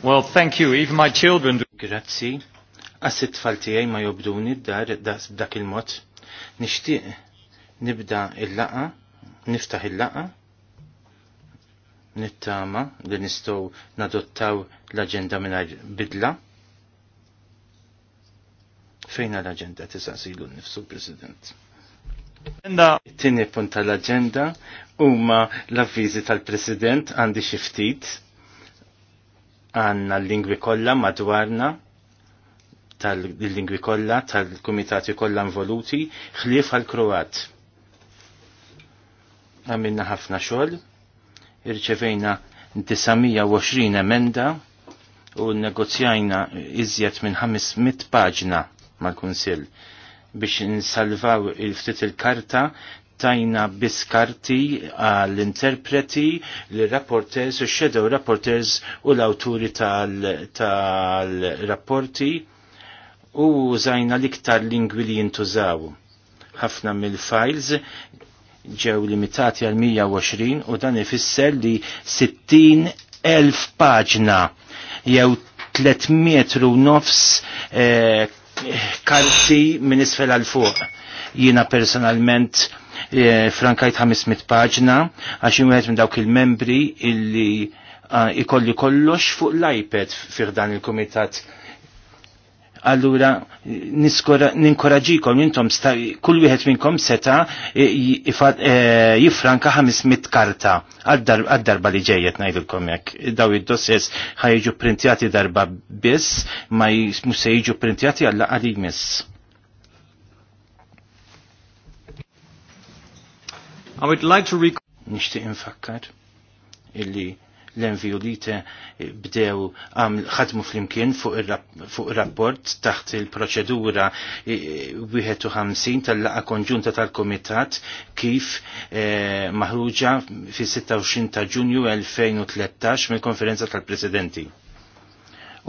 Well, thank you. Even my children do. Grazzi. Għassit faltijaj ma jobduni dar dak il-mod. Nishtiq nibda il-laqa, niftaħ il-laqa, nittama li nistow nadottaw l-agenda minna bidla. Fejna l-agenda tisaqsilu nifsu, President? It-tini punta tal-agenda huma l-avviżi tal-President għandi xi ftit għanna l-lingwi kollha madwarna tal-lingwi kollha tal-kumitati kollha involuti ħlief għal-Kroat. Għamilna ħafna xogħol, irċevejna 920 emenda u negozjajna iżjed minn 500 paġna mal-Kunsill biex nsalvaw il-ftit il-karta tajna biskarti għall-interpreti, l-rapporters, shadow rapporters u l-awturi tal-rapporti u użajna l-iktar lingwi li jintużaw. Ħafna mill-files ġew limitati għal 120 u dan ifisser li 60,000 paġna jew 3 metru nofs eh, karti minn isfel għal fuq. Jiena personalment E, frankajt 500 paġna għax wieħed minn dawk il-membri illi ikolli kollox fuq l-iPad fir dan il-komitat. Allura ninkoraġikom intom kull wieħed minnkom seta e, e, jifranka 500 karta għad-darba li ġejjet ngħidilkom hekk. Daw id-dossiers ħajġu printjati darba biss ma se jiġu printjati għalla għal jmiss I would like to recall nishtiq infakkar illi l-enviolite bdew għam ħadmu fl-imkien fuq il-rapport taħt il-proċedura 51 tal-laqa konġunta tal-komitat kif eh, maħruġa fi 26 ta' ġunju 2013 mill-konferenza tal-presidenti.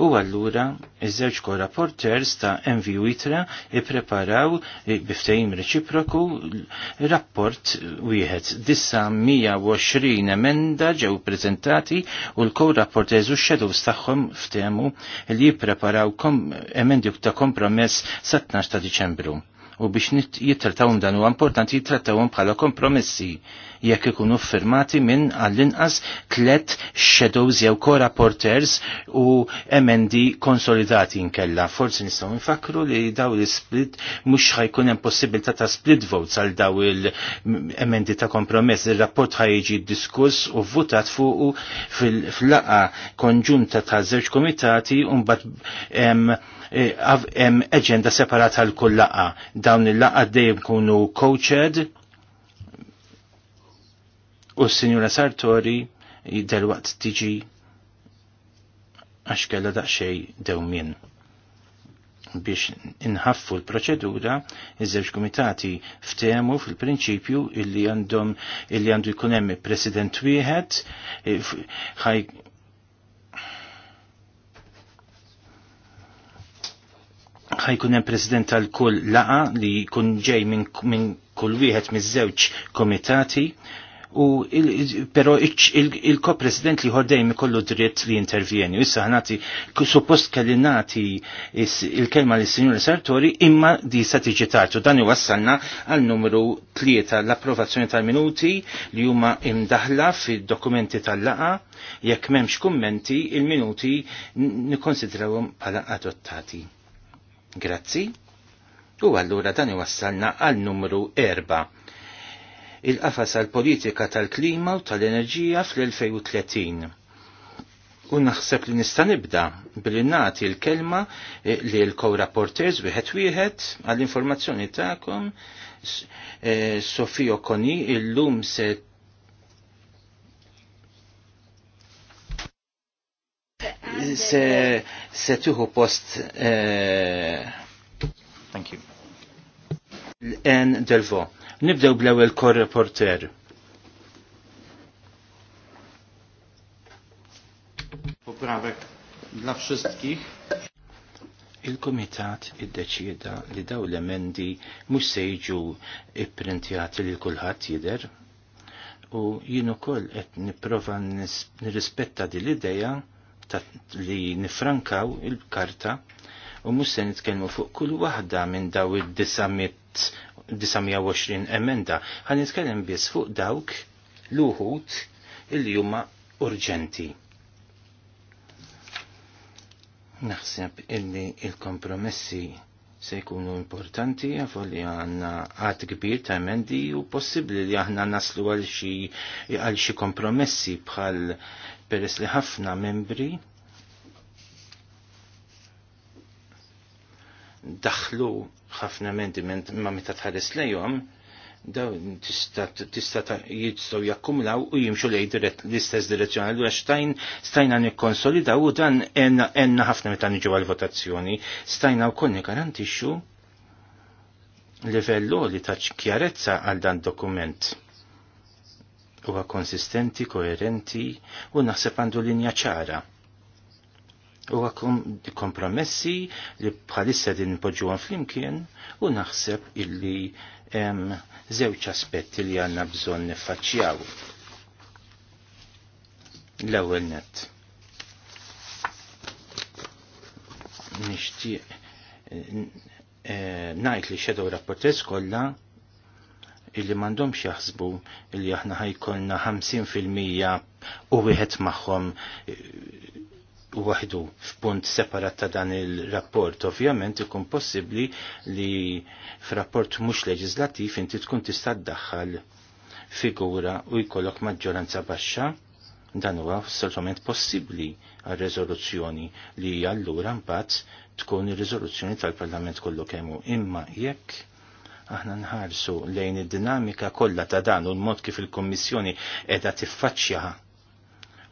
U allura iż-żewġ korrapporters ta' MV Witra ippreparaw eh, biftejim reċiproku rapport wieħed. Dissa 120 emenda ġew prezentati u l-korrapporters u x-shadows tagħhom ftemu li jippreparaw emendi ta' kompromess sa' 12 ta' Diċembru u biex jittrattawhom dan huwa importanti jittrattawhom bħala kompromessi jekk ikunu firmati minn għall-inqas tlet shadows jew co-rapporters u emendi konsolidati nkella. Forsi nistgħu nfakru li daw l-split mhux ħajkun hemm possibilità ta' split votes għal daw il-emendi ta' kompromess. Ir-rapport ħajġi diskuss u votat fuq fil-laqa konġunta ta' żewġ komitati u mbagħad hemm eh, eġenda separata l kull laqa. Dawn il-laqa dejjem kunu coached u s-Sinjura Sartori delwaqt tiġi għax kella daqxej dewmien biex inħaffu l-proċedura, iż-żewġ komitati ftehmu fil-prinċipju illi għandhom illi għandu jkun hemm president wieħed eh, ħajkun hemm president tal-kull laqa li jkun ġej minn kull wieħed miż-żewġ komitati u il, il-ko-president li ħordej mi kollu dritt li intervjeni. Issa ħanati, suppost kelli nati il-kelma li signor Sartori imma di tiġi tartu. Dan wassalna għal numru 3 l-approvazzjoni tal-minuti li huma imdaħla fid dokumenti tal-laqa. Jekk memx kummenti, il-minuti nikonsidrawhom bħala adottati. Grazzi. U allura dan iwassalna għal numru 4. Il-qafas għal politika tal-klima u tal-enerġija fl-2030. U naħseb li nista' nibda billi nagħti l-kelma eh, li l-co-rapporters wieħed wieħed għall-informazzjoni tagħkom eh, Sofio Koni illum se se, se tuħu post eh, Thank you. l-en Delvo. Nibdew bl-ewwel korreporter. Poprawek dla wszystkich. Il-Komitat iddeċieda li daw l-emendi mhux se jiġu ipprintjati li kulħadd jidher u jien ukoll qed nipprova nirrispetta din l-idea li nifrankaw il-karta u mhux se nitkellmu fuq kull waħda minn daw il-920 emenda. Ħa nitkellem biss fuq dawk l-uħud illi huma urġenti. Naħseb illi il-kompromessi il kompromessi se jkunu importanti għafu li għanna għat kbir ta' emendi u possibli li għanna naslu għal xi għal xi kompromessi bħal peress li ħafna membri daħlu ħafna emendi ma meta tħares lejhom dawn tista' jistgħu jakkumlaw u jimxu lej l-istess direzzjoni. Allura xtajn stajna nikkonsolidaw u dan enna ħafna meta niġu għal-votazzjoni. Stajna wkoll nigarantixxu livellu li ta' ċkjarezza għal dan dokument. Huwa konsistenti, koerenti u naħseb għandu linja ċara u għakum kompromessi li bħalissa din poġuħan flimkien u naħseb illi żewġ aspetti li għandna bżonn niffaċċjaw. L-ewwel net. Nixtieq eh, ngħid li xedew rapportez kollha illi m'għandhomx jaħsbu illi aħna ħajkolna 50% u wieħed magħhom eh, waħdu f'punt separat ta' dan il-rapport. Ovvjament ikun possibbli li f'rapport mhux leġislattiv inti tkun tista' tdaħħal figura u jkollok maġġoranza baxxa dan huwa assolutament possibbli għal riżoluzzjoni li allura mbagħad tkun ir-riżoluzzjoni tal-Parlament kollu kemmu. Imma jekk aħna nħarsu lejn id-dinamika kollha ta' dan u l-mod kif il-Kommissjoni qiegħda tiffaċċjaha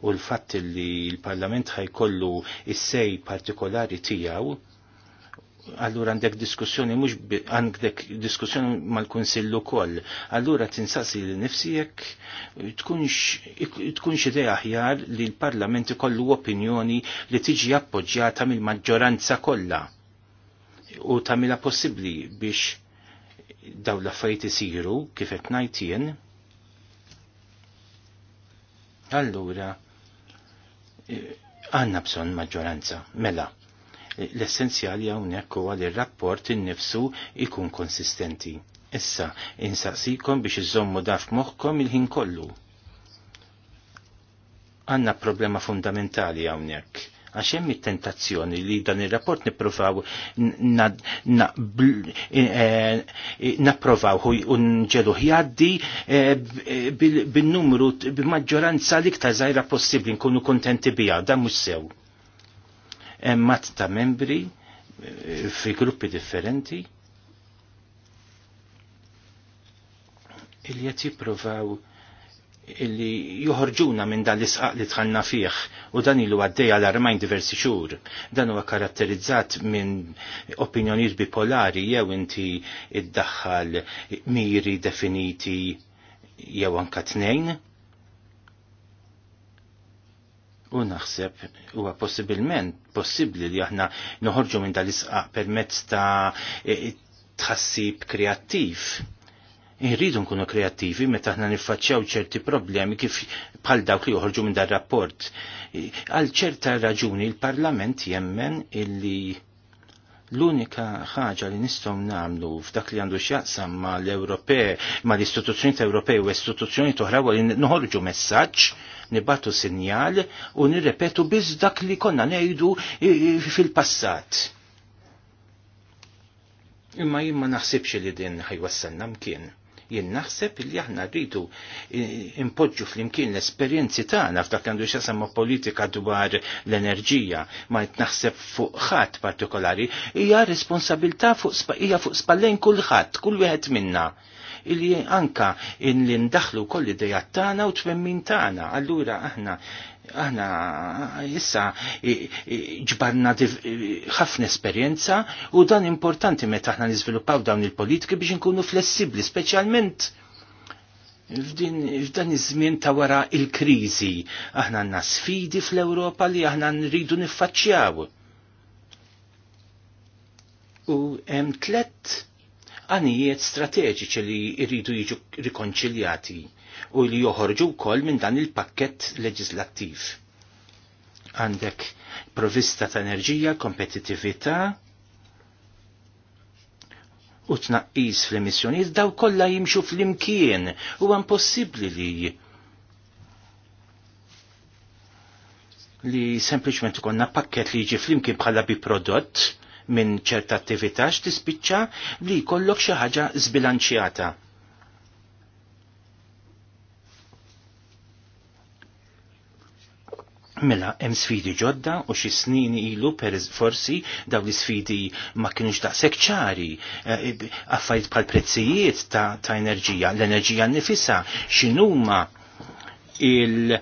u l-fatt li l-Parlament ħajkollu is-sej partikolari tiegħu allura għandek diskussjoni mhux għandek diskussjoni mal-Kunsill ukoll. Allura tinsaqsi li nifsijek tkunx idea aħjar li l-Parlament ikollu opinjoni li tiġi appoġġjata mill-maġġoranza kollha u tagħmilha possibbli biex daw l-affarijiet isiru kif qed ngħid jien. Allura, għanna bżon maġġoranza, mela. L-essenzjali hawnhekk huwa li r-rapport innifsu ikun konsistenti. Issa, insaqsikom biex iżommu daf moħħkom il-ħin kollu. Għanna problema fundamentali hawnhekk għax hemm it-tentazzjoni li dan ir-rapport nippruvaw eh, eh, napprovaw u nġelu jgħaddi eh, bin-numru b'maġġoranza l-iktar żgħira possibbli nkunu kontenti biha dan mhux sew. Hemm mat ta' membri fi gruppi differenti il qed jippruvaw illi joħorġuna minn dan l-isqaq li tħanna fih u dan ilu għaddej għal armajn diversi xhur. Dan huwa karatterizzat minn opinjonijiet bipolari jew inti iddaħħal miri definiti jew anka tnejn. U naħseb huwa possibilment possibbli li aħna noħorġu minn dal-isqaq permezz ta' eh, tħassib kreattiv Irridu nkunu kreattivi meta aħna niffaċċjaw ċerti problemi kif bħal dawk li joħorġu minn dar rapport. Għal ċerta raġuni il-Parlament jemmen illi l-unika ħaġa li nistgħu nagħmlu f'dak li għandu x'jaqsam mal-Ewropej, mal-istituzzjonijiet Ewropej u istituzzjonijiet oħra li noħorġu messaġġ nibatu sinjal u nirrepetu biss dak li konna nejdu fil-passat. Imma jimma naħsibx li din ħajwassalna mkien. Jien naħseb li aħna rridu eh, impoġġu flimkien l-esperjenzi tagħna f'dak għandu x'asamma politika dwar l-enerġija ma naħseb fuq ħadd partikolari hija responsabilità fuq hija fuq spallejn kulħadd, kull wieħed minna illi anka in li ndaħlu kolli dejat tagħna u twemmin tagħna. Allura aħna aħna issa ġbarna ħafna esperjenza u dan importanti meta aħna niżviluppaw dawn il-politiki biex nkunu flessibbli, speċjalment f'dan iż-żmien ta' wara il-kriżi. Aħna għandna sfidi fl-Ewropa li aħna nridu niffaċċjaw. U hemm tlett għanijiet strateġiċi li jridu jiġu rikonċiljati u li joħorġu wkoll minn dan il-pakkett leġislattiv. Għandek provista ta' enerġija, kompetitivita, u tnaqqis fl-emissjonijiet daw kollha jimxu fl-imkien u possibli li li sempliċment konna pakket li jiġi fl-imkien bħala bi prodott minn ċerta attività x'tispiċċa li jkollok xi ħaġa zbilanċjata. Mela, hemm sfidi ġodda u xi snin ilu per forsi daw li sfidi ma kienux daqshekk ċari, eh, affajt bħal prezzijiet ta', enerġija, l-enerġija nifisa, x'inhuma il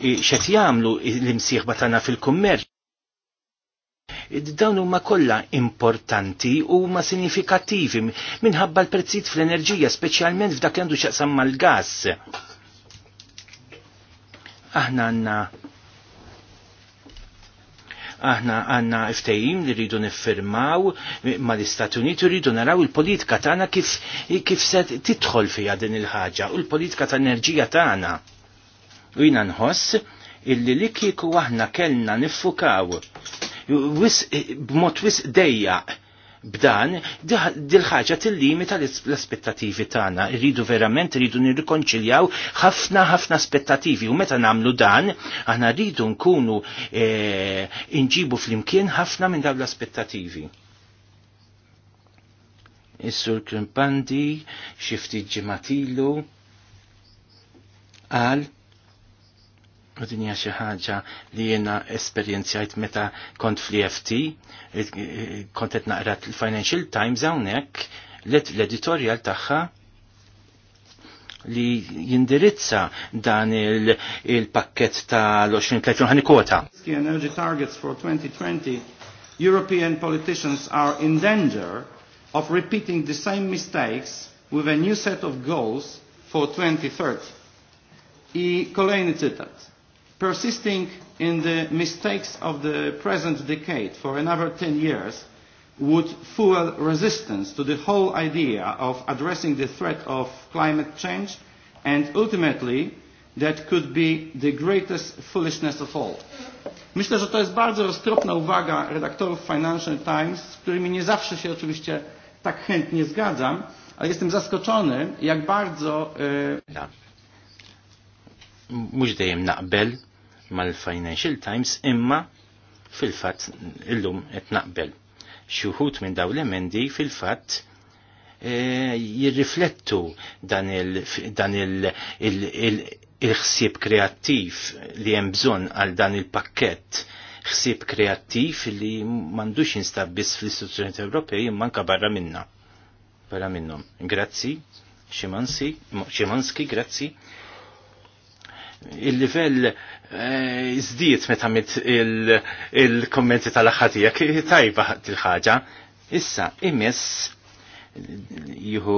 x'qed jagħmlu l-imsieħba tagħna fil-kummerċ. Dawn huma kollha importanti u ma sinifikattivi minħabba l-prezzijiet fl-enerġija, speċjalment f'dak li għandu x'aqsam mal-gass. Aħna għandna Aħna għanna ftejim li rridu niffirmaw ma l-Istati Uniti rridu naraw il-politika tagħna kif kif se tidħol fija din il-ħaġa u l-politika ta' enerġija tagħna. U jina nħoss illi li kieku aħna kellna niffukaw b'mod wis dejjaq B'dan, dil-ħagġa tal-limita l-aspettativi tagħna. Irridu verament irridu nirrikonċiljaw ħafna ħafna aspettativi u meta nagħmlu dan, aħna rridu nkunu e, inġibu flimkien ħafna minn dawn l-aspettativi. Is-sur Krimpandi, xi ftit ġimatilu, għal U din hija xi ħaġa li jiena esperjenzjajt meta kont fl-EFT, kont qed naqra l-Financial Times hawnhekk l-editorial tagħha li jindirizza dan il-pakket ta' l 2030 ħani kota. Energy targets for 2020, European politicians are in danger of repeating the same mistakes with a new set of goals for 2030. I kolejny cytat persisting in the mistakes of the present decade for another 10 years would fuel resistance to the whole idea of addressing the threat of climate change and ultimately that could be the greatest foolishness of all. Myślę, że to jest bardzo roztropna uwaga redaktorów Financial Times, z którymi nie zawsze się oczywiście tak chętnie zgadzam, ale jestem zaskoczony, jak bardzo... E, Mux dejjem naqbel mal-Financial Times imma fil-fatt illum qed naqbel. Xuħut minn dawn l-emendi fil-fatt eh, jirriflettu dan il-ħsieb kreattiv li hemm bżonn għal dan il-pakkett ħsieb kreattiv li m'għandux jinstab biss fl-istituzzjonijiet Ewropej imma barra minna. Barra minnhom. Grazzi, Ximanski, grazzi il-livell zdiet eh, meta mit il-kommenti tal-axħatijak, tajba til ħagġa Issa, imess juhu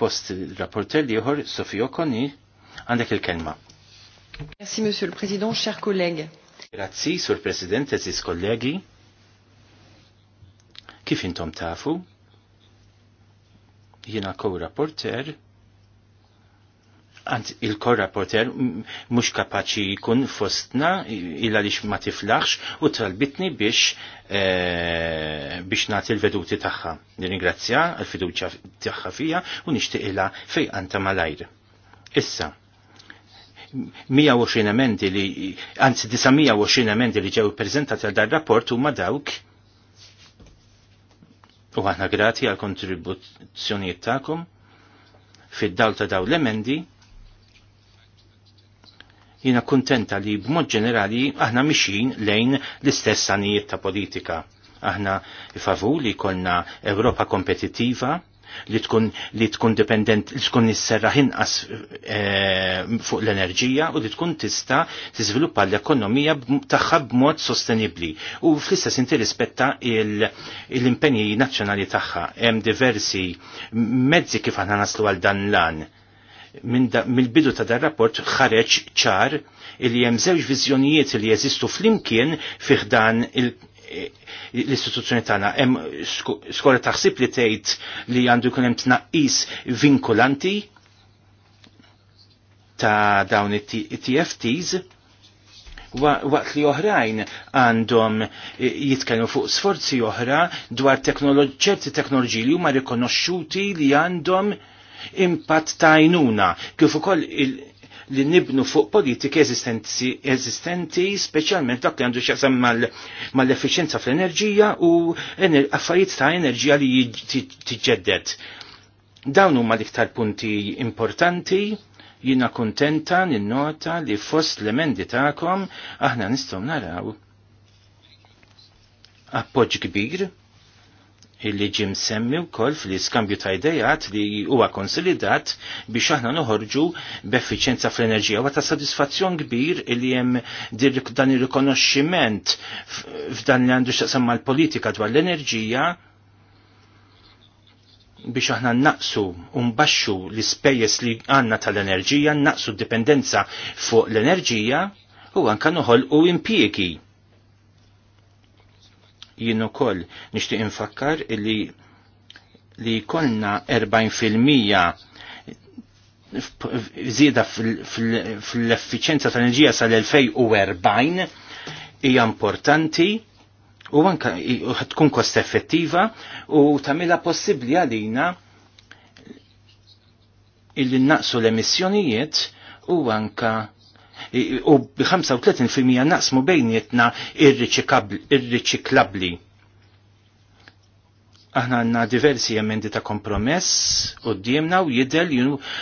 post rapporter li juhur Sofio Koni għandek il-kelma. Merci, Monsieur le Président, chers collègues. Grazzi, Sur President, eżis kollegi. Kif intom tafu? Jiena kow rapporter għant il-korraporter mux kapaċi jkun fostna illa lix ma tiflaħx u talbitni biex e, biex nati l-veduti taħħa. Nirringrazzja għal-fiduċa taħħa fija u nishtiq illa fej għanta malajr. Issa, 120 emendi li, anzi 920 emendi li ġew prezentati għal dar rapport u madawk dawk u għahna grati għal kontribuzzjoniet ta'kom fid-dawl ta' daw l-emendi Jina kuntenta li b'mod ġenerali aħna mixin lejn l-istess sanijiet ta' politika. Aħna favur li konna Ewropa kompetittiva, li tkun li tkun dependent li tkun nisserra ħinqas e, eh, fuq l-enerġija u li tkun tista' tiżviluppa l-ekonomija tagħha b'mod sostenibbli u fl-istess inti rispetta l-impenji nazzjonali tagħha hemm diversi mezzi kif aħna naslu għal dan l-an mill-bidu ta' dar rapport ħareġ ċar li hemm żewġ viżjonijiet li jeżistu flimkien fih dan il- eh, l-istituzzjoni tagħna hemm skola taħsib li tgħid li għandu jkun hemm tnaqqis vinkulanti ta' dawn it-TFTs waqt li oħrajn għandhom eh, jitkellmu fuq sforzi oħra dwar ċerti teknoloġiji li huma rikonoxxuti li għandhom impatt ta' jnuna kif ukoll li nibnu fuq politiki eżistenti, speċjalment dak li għandu xaqsam mal-efficienza fl-enerġija u affarijiet ta' enerġija li tiġġedded. Dawn huma l-iktar punti importanti jina kontenta ninnota li fost l-emendi ta'kom aħna nistom naraw appoġġ kbir illi ġim semmi wkoll fl-iskambju ta' idejat li huwa konsolidat biex aħna noħorġu b'effiċjenza fl-enerġija u ta' sodisfazzjon kbir illi hemm dan ir-rikonoxximent f'dan li għandu x'taqsam mal-politika dwar l-enerġija biex aħna naqsu unbaxxu l-ispejjeż li għandna tal-enerġija, naqsu d-dipendenza fuq l-enerġija u anka noħolqu impjiegi jien ukoll nixtieq infakkar li li konna 40% zida fl-effiċenza tal-enerġija sal-2040 hija importanti u anka tkun kost effettiva u tagħmilha possibbli għalina illi naqsu l-emissjonijiet u anka u bi 35% naqsmu bejnietna irriċiklabli. Aħna għanna diversi emendi ta' kompromess u d-diemna u jidel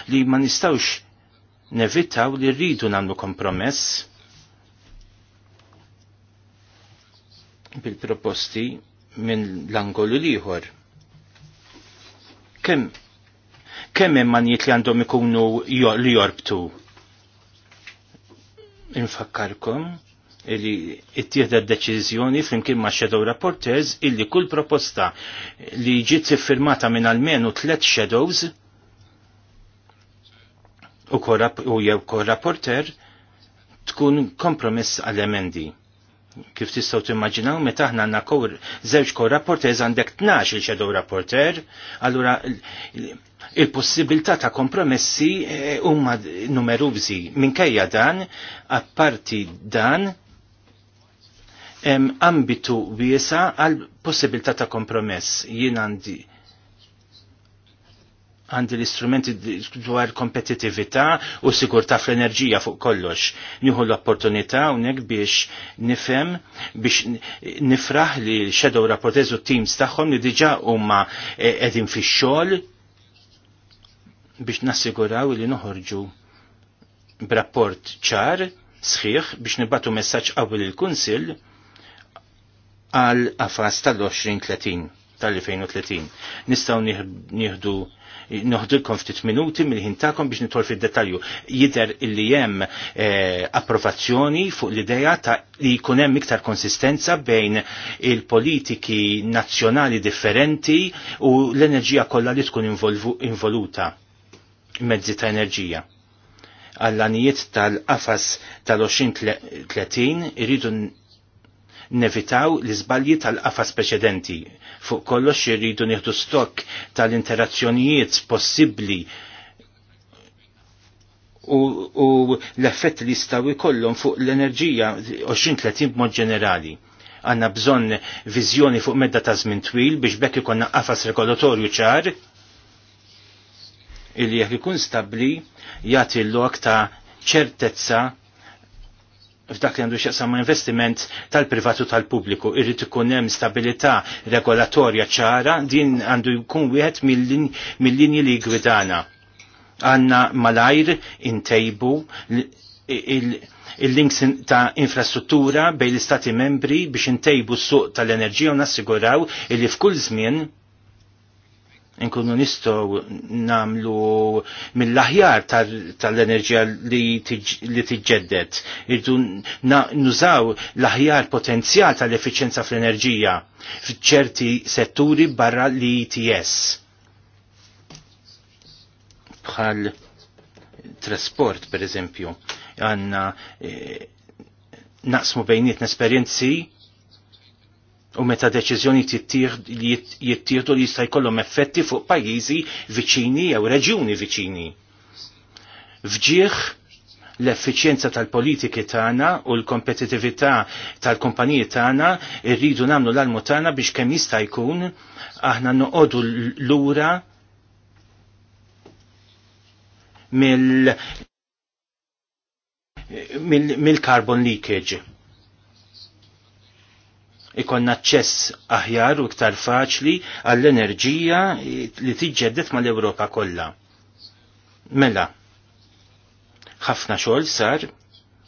li ma nistawx nevitaw li rridu namlu kompromess bil-proposti minn l-angolu liħor. Kem, kem emman li għandhom ikunu li jorbtu? infakkarkom illi it-tieħda d-deċiżjoni flimkien ma' Shadow Rapporters illi kull proposta li ġiet firmata minn almenu tliet Shadows u jew kol rapporter tkun kompromess għal emendi kif tistaw timmaġinaw meta aħna għandna kor żewġ korrapporters għandek tnax il xedow rapporter, allura il-possibilità ta' kompromessi eh, huma numerużi. Minkejja dan, apparti dan, ambitu wiesa għal possibilità ta' kompromess. Jien għandi għandi l-istrumenti dwar kompetitività u sigurtà fl-enerġija fuq kollox. Nieħu l-opportunità hawnhekk biex nifhem biex nifraħ li shadow rapportez u teams tagħhom li diġà huma eh, qegħdin fix-xogħol biex nassiguraw li noħorġu b'rapport ċar sħiħ biex nibatu messaġġ qawwi lil kunsill għal afas tal-2030 tal-2030. Nistaw nieħdu noħdilkom ftit minuti mill-ħin tagħkom biex nitol fid-dettalju. Jider illi hemm eh, approvazzjoni fuq l-idea ta' li jkun hemm iktar konsistenza bejn il-politiki nazzjonali differenti u l-enerġija kollha li tkun involuta mezzi ta' enerġija għallanijiet tal-qafas tal-2030 irridu nevitaw l-izbalji tal-qafas preċedenti fuq kollox irridu nieħdu stokk tal-interazzjonijiet possibbli u, u l-effett li jistgħu jkollhom fuq l-enerġija 20-30 b'mod ġenerali għanna bżonn viżjoni fuq medda ta' żmien twil biex bekk ikonna qafas regolatorju ċar illi jekk ikun stabbli jagħti l-lok ta' ċertezza f'dak li għandu xieqsam ma' investiment tal-privatu tal-pubbliku. irrit ikun hemm stabilità regolatorja ċara, din għandu jkun wieħed mill-linji li gwidana. Għanna malajr intejbu il-links ta' infrastruttura bej l-istati membri biex intejbu s-suq tal-enerġija u nassiguraw li f'kull żmien nkunu nistgħu namlu mill-aħjar tal-enerġija li tiġġedded. Irdu nużaw l-aħjar potenzjal tal-efficienza fl-enerġija f'ċerti setturi barra l-ITS. Bħal trasport, per eżempju, għanna eh, naqsmu bejniet esperienzi u meta deċiżjoni jittieħdu li jista' jkollhom effetti fuq pajjiżi viċini jew reġjuni viċini. Fġieħ l-effiċjenza tal-politiki tagħna u l-kompetitività tal-kumpaniji tagħna rridu nagħmlu l-almu tagħna biex kemm jista' jkun aħna noqogħdu lura mill mill-carbon leakage ikonna ċess aħjar u iktar faċli għall-enerġija li tiġġeddet mal ewropa kollha. Mela, ħafna xogħol sar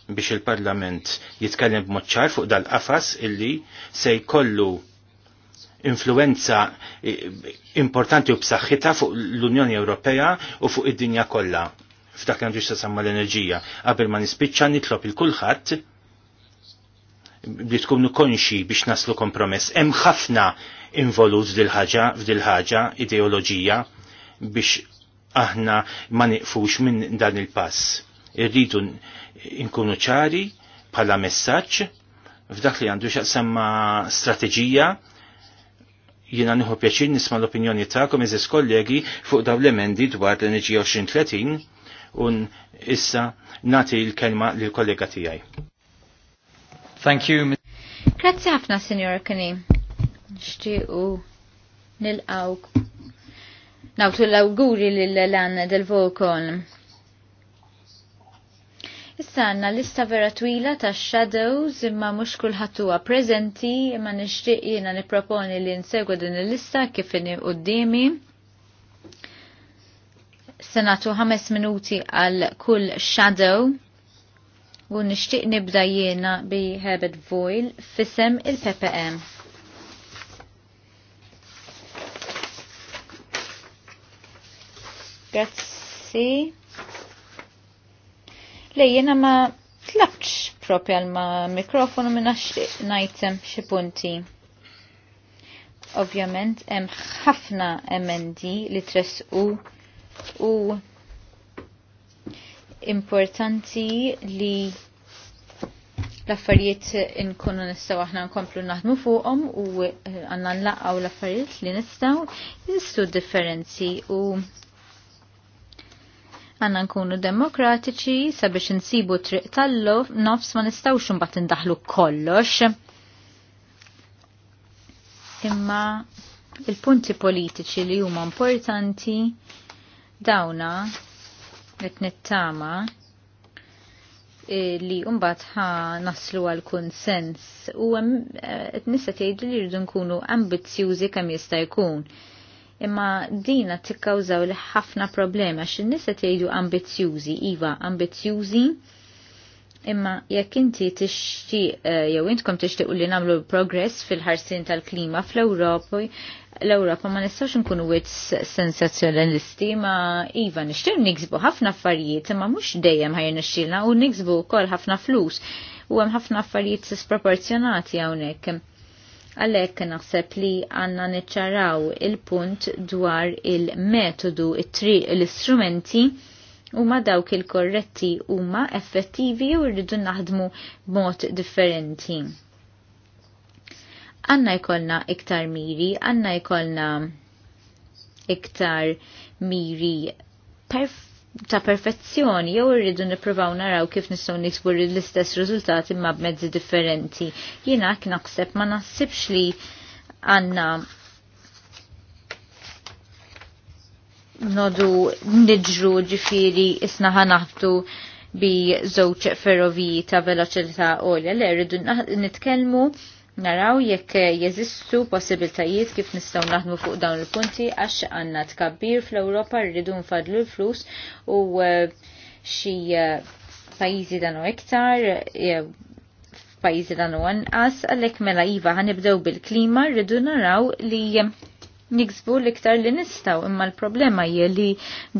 biex il-Parlament jitkellem b'mod ċar fuq dal-qafas illi se jkollu influenza importanti u b'saħħitha fuq l-Unjoni Ewropea u fuq id-dinja kollha f'dak li għandu jistasamma l-enerġija. Qabel ma nispiċċa nitlob il-kulħadd li tkunu konxi biex naslu kompromess. Hemm ħafna involut dil ħaġa, f'dil ħaġa ideoloġija biex aħna ma niqfux minn dan il-pass. Irridu nkunu ċari bħala messaġġ f'dak li għandu xaqsamma strateġija jiena nieħu pjaċir nisma' l-opinjoni tagħkom eżis kollegi fuq dawn l-emendi dwar l-enerġija 2030 un issa nagħti l-kelma lill kollega tiegħi. Thank you. Grazzi ħafna, Signor Kani. Nishtiqu nil-għawk. Nawtu l-awguri l-lan del-vokon. Issa għanna lista vera twila ta' shadows imma mux huwa prezenti imma nishtiq jena niproponi li nsegwa din il-lista kif inni qoddimi. Senatu ħames minuti għal kull shadow u nixtieq nibda jiena bi Herbert Voil fisem il-PPM. Grazzi. Lej, jiena ma tlabx propja ma mikrofonu minna najtem xie punti. Ovvjament, hemm ħafna emendi li tres u, u importanti li l-affarijiet inkunu nistaw aħna nkomplu naħdmu fuqhom u eh, għandna nlaqgħu l-affarijiet li nistaw jistu differenzi u għanna nkunu demokratiċi sabiex nsibu triq tallu nofs ma nistawx mbagħad indaħlu kollox. Imma il-punti politiċi li huma importanti dawna qed nittama eh, li umbat ha naslu għal konsens u eh, qed nista tgħidu li rridu nkunu ambizzjużi kemm jista' jkun. Imma dina tikkawżaw li ħafna problema x'in nisa tgħidu ambizzjużi, iva ambizzjużi Imma jekk inti tixti eh, jew intkom tixtiequ li nagħmlu progress fil-ħarsin tal-klima fl-Ewropa, l-Ewropa ma nistax nkunu wit sensazzjonalisti ma iva nixtieq niksbu ħafna affarijiet imma mhux dejjem ħajr nixtilna u niksbu wkoll ħafna flus u hemm ħafna affarijiet sproporzjonati hawnhekk. Għalhekk naħseb li għandna niċċaraw il-punt dwar il-metodu, it-triq, l-istrumenti il metodu l istrumenti il l istrumenti huma dawk il-korretti huma effettivi u rridu naħdmu b'mod differenti. Għanna jkollna iktar miri, għanna jkollna iktar miri perf ta' perfezzjoni jew rridu nippruvaw naraw kif nistgħu nisbu l-istess riżultati ma' b'mezzi differenti. Jiena naħseb ma naħsibx li għandna nodu nidġru ġifiri isna ħanaħtu bi żewġ ferroviji ta' veloċità olja. Le, rridu nitkellmu naraw jekk jeżistu possibiltajiet kif nistgħu naħdmu fuq dawn il-punti għax għandna tkabbir fl-Ewropa rridu nfadlu l-flus u eh, xi eh, pajjiżi danu iktar eh, pajjiżi danu anqas għalhekk mela iva ħanibdew bil-klima rridu naraw li niksbu l-iktar li nistaw imma l-problema hija li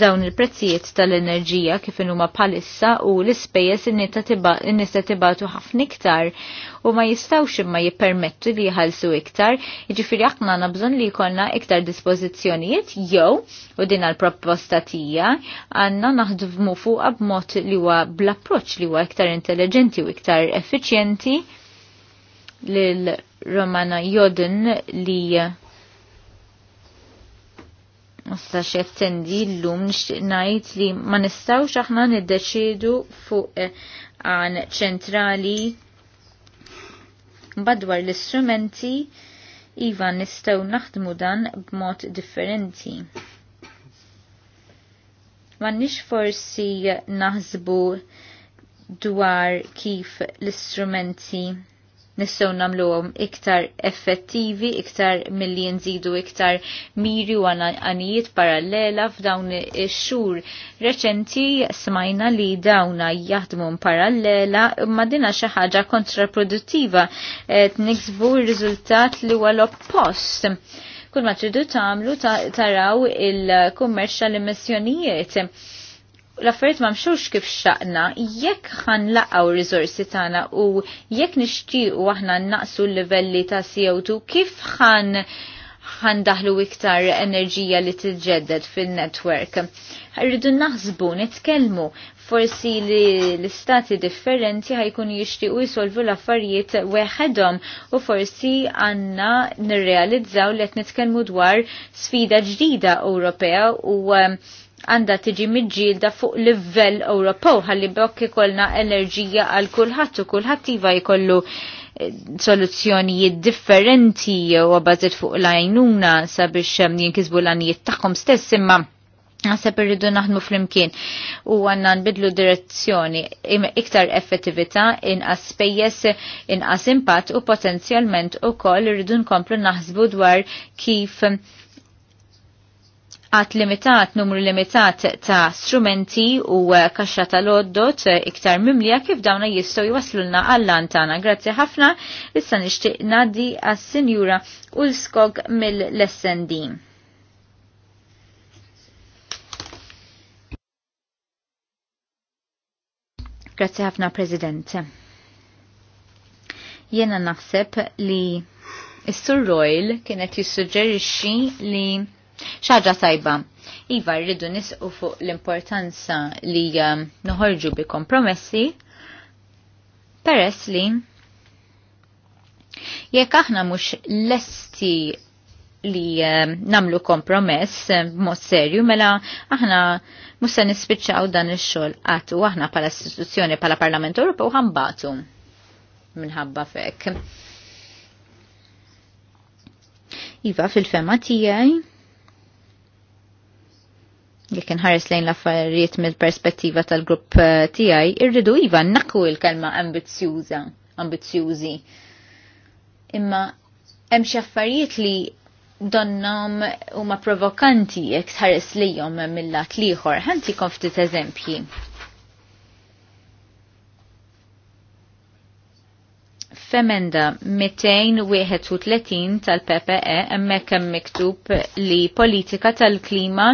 dawn il-prezzijiet tal-enerġija kif huma palissa u l-ispejjeż in tibatu ħafna iktar u ma jistawx imma jippermettu li jħallsu iktar, jiġifieri aħna għandna bżonn li jkollna iktar dispożizzjonijiet jew u din għall-proposta tija għandna naħdmu fuqha b'mod li huwa bl-approċċ li huwa iktar intelligenti u iktar effiċjenti lil Romana Jodin li Issa xettendi l-lum nixtieq ngħid li ma nistgħux aħna niddeċidu fuq eh, għan ċentrali badwar l-istrumenti iva nistgħu naħdmu dan b'mod differenti. M'għandniex forsi naħsbu dwar kif l-istrumenti nistgħu nagħmluhom iktar effettivi, iktar milli nżidu iktar miri u għanijiet parallela f'dawn ix-xhur. Reċenti smajna li dawna jaħdmu parallela imma dina xi ħaġa kontraproduttiva qed niksbu r-riżultat li huwa l-oppost kull ma tridu tagħmlu taraw il-kummerċ tal-emissjonijiet. Ta l-affarijiet ma mxux kif xaqna, jekk ħan laqaw rizorsi tagħna u jekk nixtiequ aħna naqsu l-livelli ta' CO2, kif ħan ħan daħlu iktar enerġija li tiġġedded fil-network. Rridu naħsbu, nitkellmu, forsi li l-istati differenti ħajkun jixtiequ jisolvu l-affarijiet weħedhom u forsi għanna nirrealizzaw li qed nitkellmu dwar sfida ġdida Ewropea u um, għanda tiġi midġilda fuq livell Ewropew ħalli bekk ikollna enerġija għal kulħadd u kulħadd iva jkollu eh, soluzzjonijiet differenti u bażit fuq lajnuna sabiex eh, jinkisbu l-għanijiet tagħhom stess imma Għasab irridu naħdmu fl-imkien u għanna nbidlu direzzjoni iktar effettività inqas spejjes inqas impatt u potenzjalment u koll irridu nkomplu naħsbu dwar kif għat limitat, numru limitat ta' strumenti u eh, kaxxa tal-oddot eh, iktar mimlija kif dawna jistaw jwaslulna għall-antana. Grazzi ħafna, issa nishtiq naddi għas-senjura Ulskog mill-SND. Grazzi ħafna, President. Jena naħseb li s sur Royal kienet jissuġġerixxi li Xaġa tajba. Iva, rridu nisqu fuq l-importanza li um, noħorġu bi kompromessi peress li jekk aħna mhux lesti li um, namlu kompromess um, mod serju mela aħna mux se nispiċċaw dan ix-xogħol qatt u aħna bħala istituzzjoni bħala Parlament Ewropew ħambatu minħabba fek. Iva fil-fema tiegħi li kien ħares lejn l-affarijiet mill-perspettiva tal-grupp eh, tiegħi, irridu iva nakku il-kelma ambizzjuża, ambizzjużi. Imma hemm xi affarijiet li donnom huma provokanti jekk tħares lihom mill-lat liħor, ħantikom ftit eżempji. Femenda 231 tal-PPE emmek hemm miktub li politika tal-klima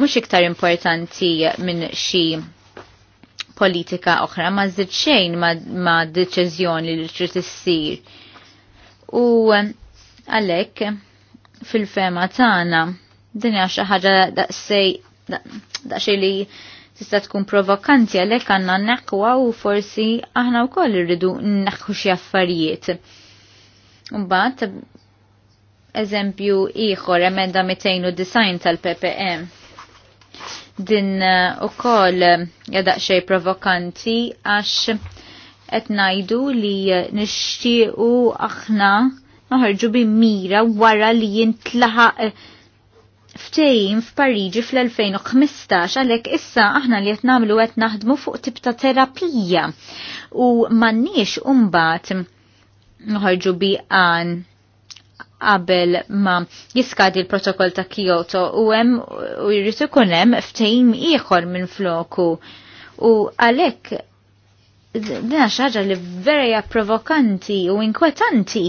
mhux iktar importanti minn xi politika oħra ma żid xejn ma deċiżjoni li trid issir. U għalhekk fil-fema tagħna din hija xi ħaġa daqsej li tista' tkun provokanti għalhekk għandna neqwa u forsi aħna wkoll irridu neħħu xi affarijiet. Mbagħad eżempju ieħor emenda 290 tal-PPM din uh, u kol uh, jadaq xej provokanti għax etnajdu li uh, nishtiqu aħna noħarġu bi mira wara li jintlaħaq ftejim f'Pariġi fl-2015 għalek issa aħna li qed nagħmlu qed naħdmu fuq tip ta' terapija u m'għandniex imbagħad noħarġu bi għan qabel ma jiskadi l-protokoll ta' Kyoto u hemm u jrid ikun hemm ftehim ieħor minn floku. U għalhekk dina xaġa li verja provokanti u inkwetanti.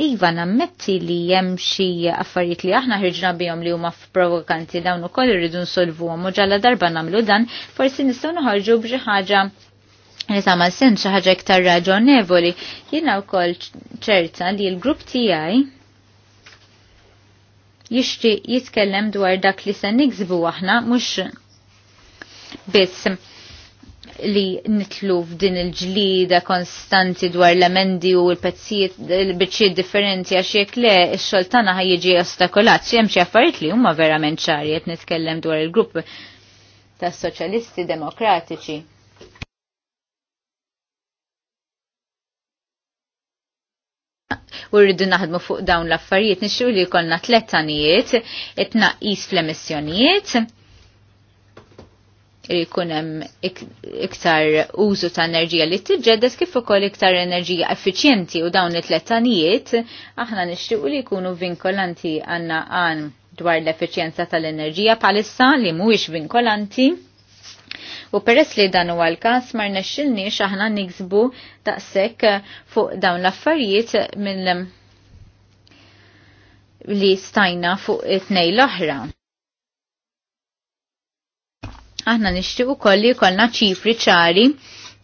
Iva nammetti li jem xi affarijiet li aħna ħirġna bihom li huma provokanti dawn ukoll irridu nsolvuhom u ġalla darba nagħmlu dan forsi nistgħu noħorġu b'xi ħaġa Nisa ma sen xaħġa iktar raġonevoli, jina u koll ċerta li l-grupp tijaj jixti jitkellem dwar dak li se nikzbu aħna, mux biss li nitlu f'din il-ġlida konstanti dwar l-emendi u l-pezzijiet differenti għax jekk le x-xoltana ħajġi ostakolat, xiem affarijiet li huma verament ċari, nitkellem dwar il-grupp tas soċjalisti demokratiċi u rridu naħdmu fuq dawn l-affarijiet nixxu li jkollna tlettanijiet it-naqis fl-emissjonijiet li jkun hemm iktar użu ta' enerġija li tiġġedded kif ukoll iktar enerġija effiċjenti u dawn it-tlettanijiet aħna nixtiequ li jkunu vinkolanti għanna għan dwar l-effiċjenza tal-enerġija palissa li mhuwiex vinkolanti U peress li dan huwa l-każ ma rnexxilniex aħna niksbu daqshekk eh, fuq dawn l-affarijiet minn eh, li stajna fuq it-tnej l-oħra. Aħna nixtiequ kolli jkollna ċifri ċari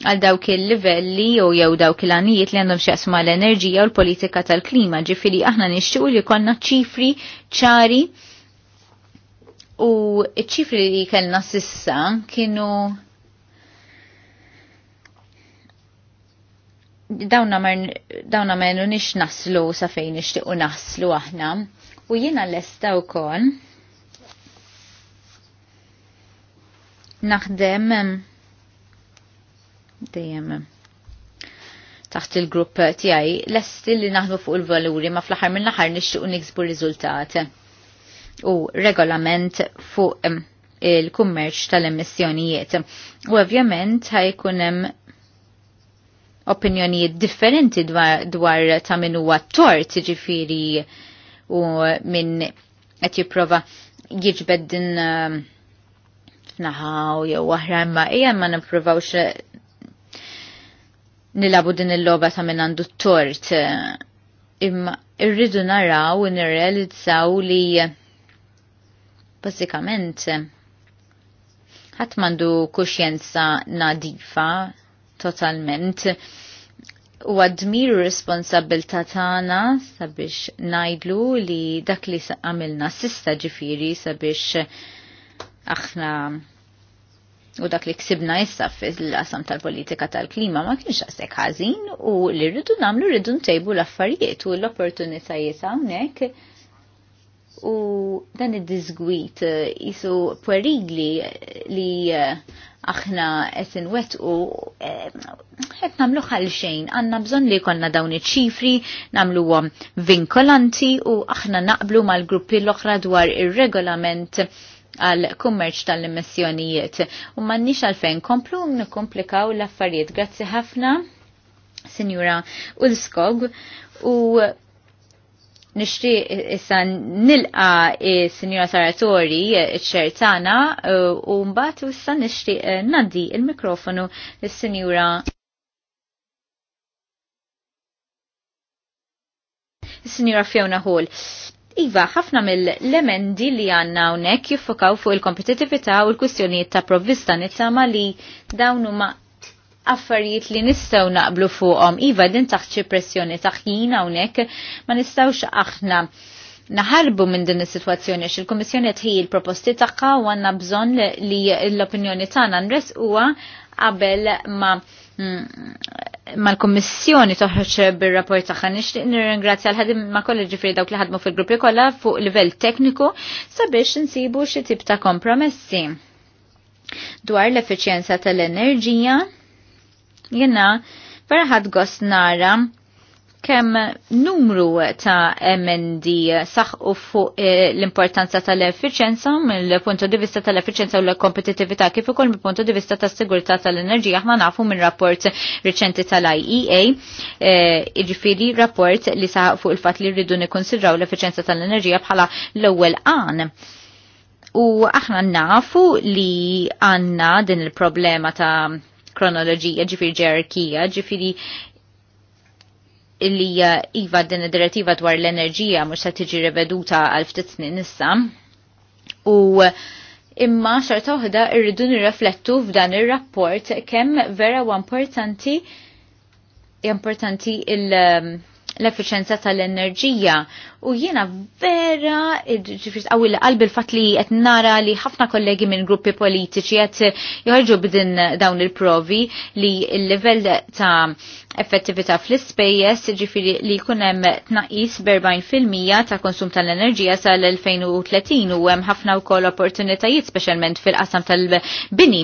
għal dawk il-livelli jew jew dawk il-għanijiet li għandhom xjaqsma mal enerġija u l-politika tal-klima, ġifiri aħna nixtiequ li konna ċifri ċari U ċifri li kellna sissa kienu dawna menu nix naslu sa fejn nixtiqu naslu aħna. U jiena l-esta u kon naħdem dejjem taħt il-grupp tiegħi lesti li naħdmu fuq il-valuri ma fl-aħħar ħar nix nixtiequ niksbu riżultat u regolament fuq il-kummerċ tal-emissjonijiet. U ovvjament ħajkun hemm opinjonijiet differenti dwar, dwar ta' min huwa tort ġifiri u minn qed jipprova jiġbed din uh, naħaw jew oħra imma ejja ma nippruvawx nilabu din il-logħba ta' minn għandu t tort imma irridu naraw u nirrealizzaw li Bazzikament, ħadd m'għandu kuxjenza nadifa totalment u għadmir responsabilta tagħna sabiex najdlu li dak li għamilna sista ġifiri sabiex aħna u dak li ksibna issa fil-qasam tal-politika tal-klima ma kienx għasek ħażin u li rridu namlu rridu ntejbu l-affarijiet u l-opportunitajiet hawnhekk u dan id-dizgwit eh, jisu puerigli li eh, aħna etin wet u għet eh, namlu xalxejn, għanna bżon li konna dawn iċ-ċifri, namlu għom vinkolanti u aħna naqblu mal-gruppi l-oħra dwar il-regolament għal kummerċ tal-emissjonijiet. U mannix għalfejn komplu nikomplikaw l-affarijiet. Grazzi ħafna, Signora Ulskog, u nishti issa nilqa il-Sinjora Saratori ċertana u mbagħad issa nixtieq eh, nandi il-mikrofonu il-Sinjora. il Sinjora Fiona Hall. Iva, ħafna mill-lemendi li għanna unnek jiffokaw fuq il-kompetitivita u l kustjoni ta' provvista nittama li dawn huma affarijiet li nistaw naqblu fuqhom. Iva din taħt xi pressjoni taħjin hawnhekk ma nistawx aħna naħarbu minn din is-sitwazzjoni għax il-Kummissjoni tħi l-proposti tagħha u għandna bżonn li l-opinjoni tagħna huwa qabel ma mm, ma l-Kommissjoni toħroġ bir-rapport tagħha nixtieq nirringrazzja l-ħadim ma' kollha ġifieri dawk li ħadmu fil-gruppi kollha fuq livell tekniku sabiex insibu xi tip ta' kompromessi dwar l-effiċjenza tal-enerġija Jena, verħad gost nara kemm numru ta' MND u fuq eh, l-importanza tal-efficienza mill-puntu di vista tal-efficienza u l-kompetitività kif ukoll mill punto di vista tas-sigurtà tal-enerġija ma nafu minn rapport riċenti tal-IEA jiġifieri eh, rapport li saħaq fuq il-fatt li rridu nikkonsidraw l-efficienza tal-enerġija bħala l-ewwel qan u aħna nafu li għanna din il-problema ta' kronoloġija, ġifiri ġerarkija, ġifiri illi iva din id-direttiva dwar l-enerġija mhux se tiġi riveduta għal ftit snin issa. U imma xorta oħda irridu nirreflettu f'dan ir-rapport kemm vera u importanti importanti il- um, l-efficienza tal-enerġija. U jiena vera, għaw il-qalb il-fat li qed nara li ħafna kollegi minn gruppi politiċi qed joħorġu bdin dawn il-provi li l-level ta' effettività fl-ispejjeż ġifiri li jkun hemm tnaqis fil-mija ta' konsum tal-enerġija sal-2030 u hemm ħafna wkoll opportunitajiet speċjalment fil-qasam tal-bini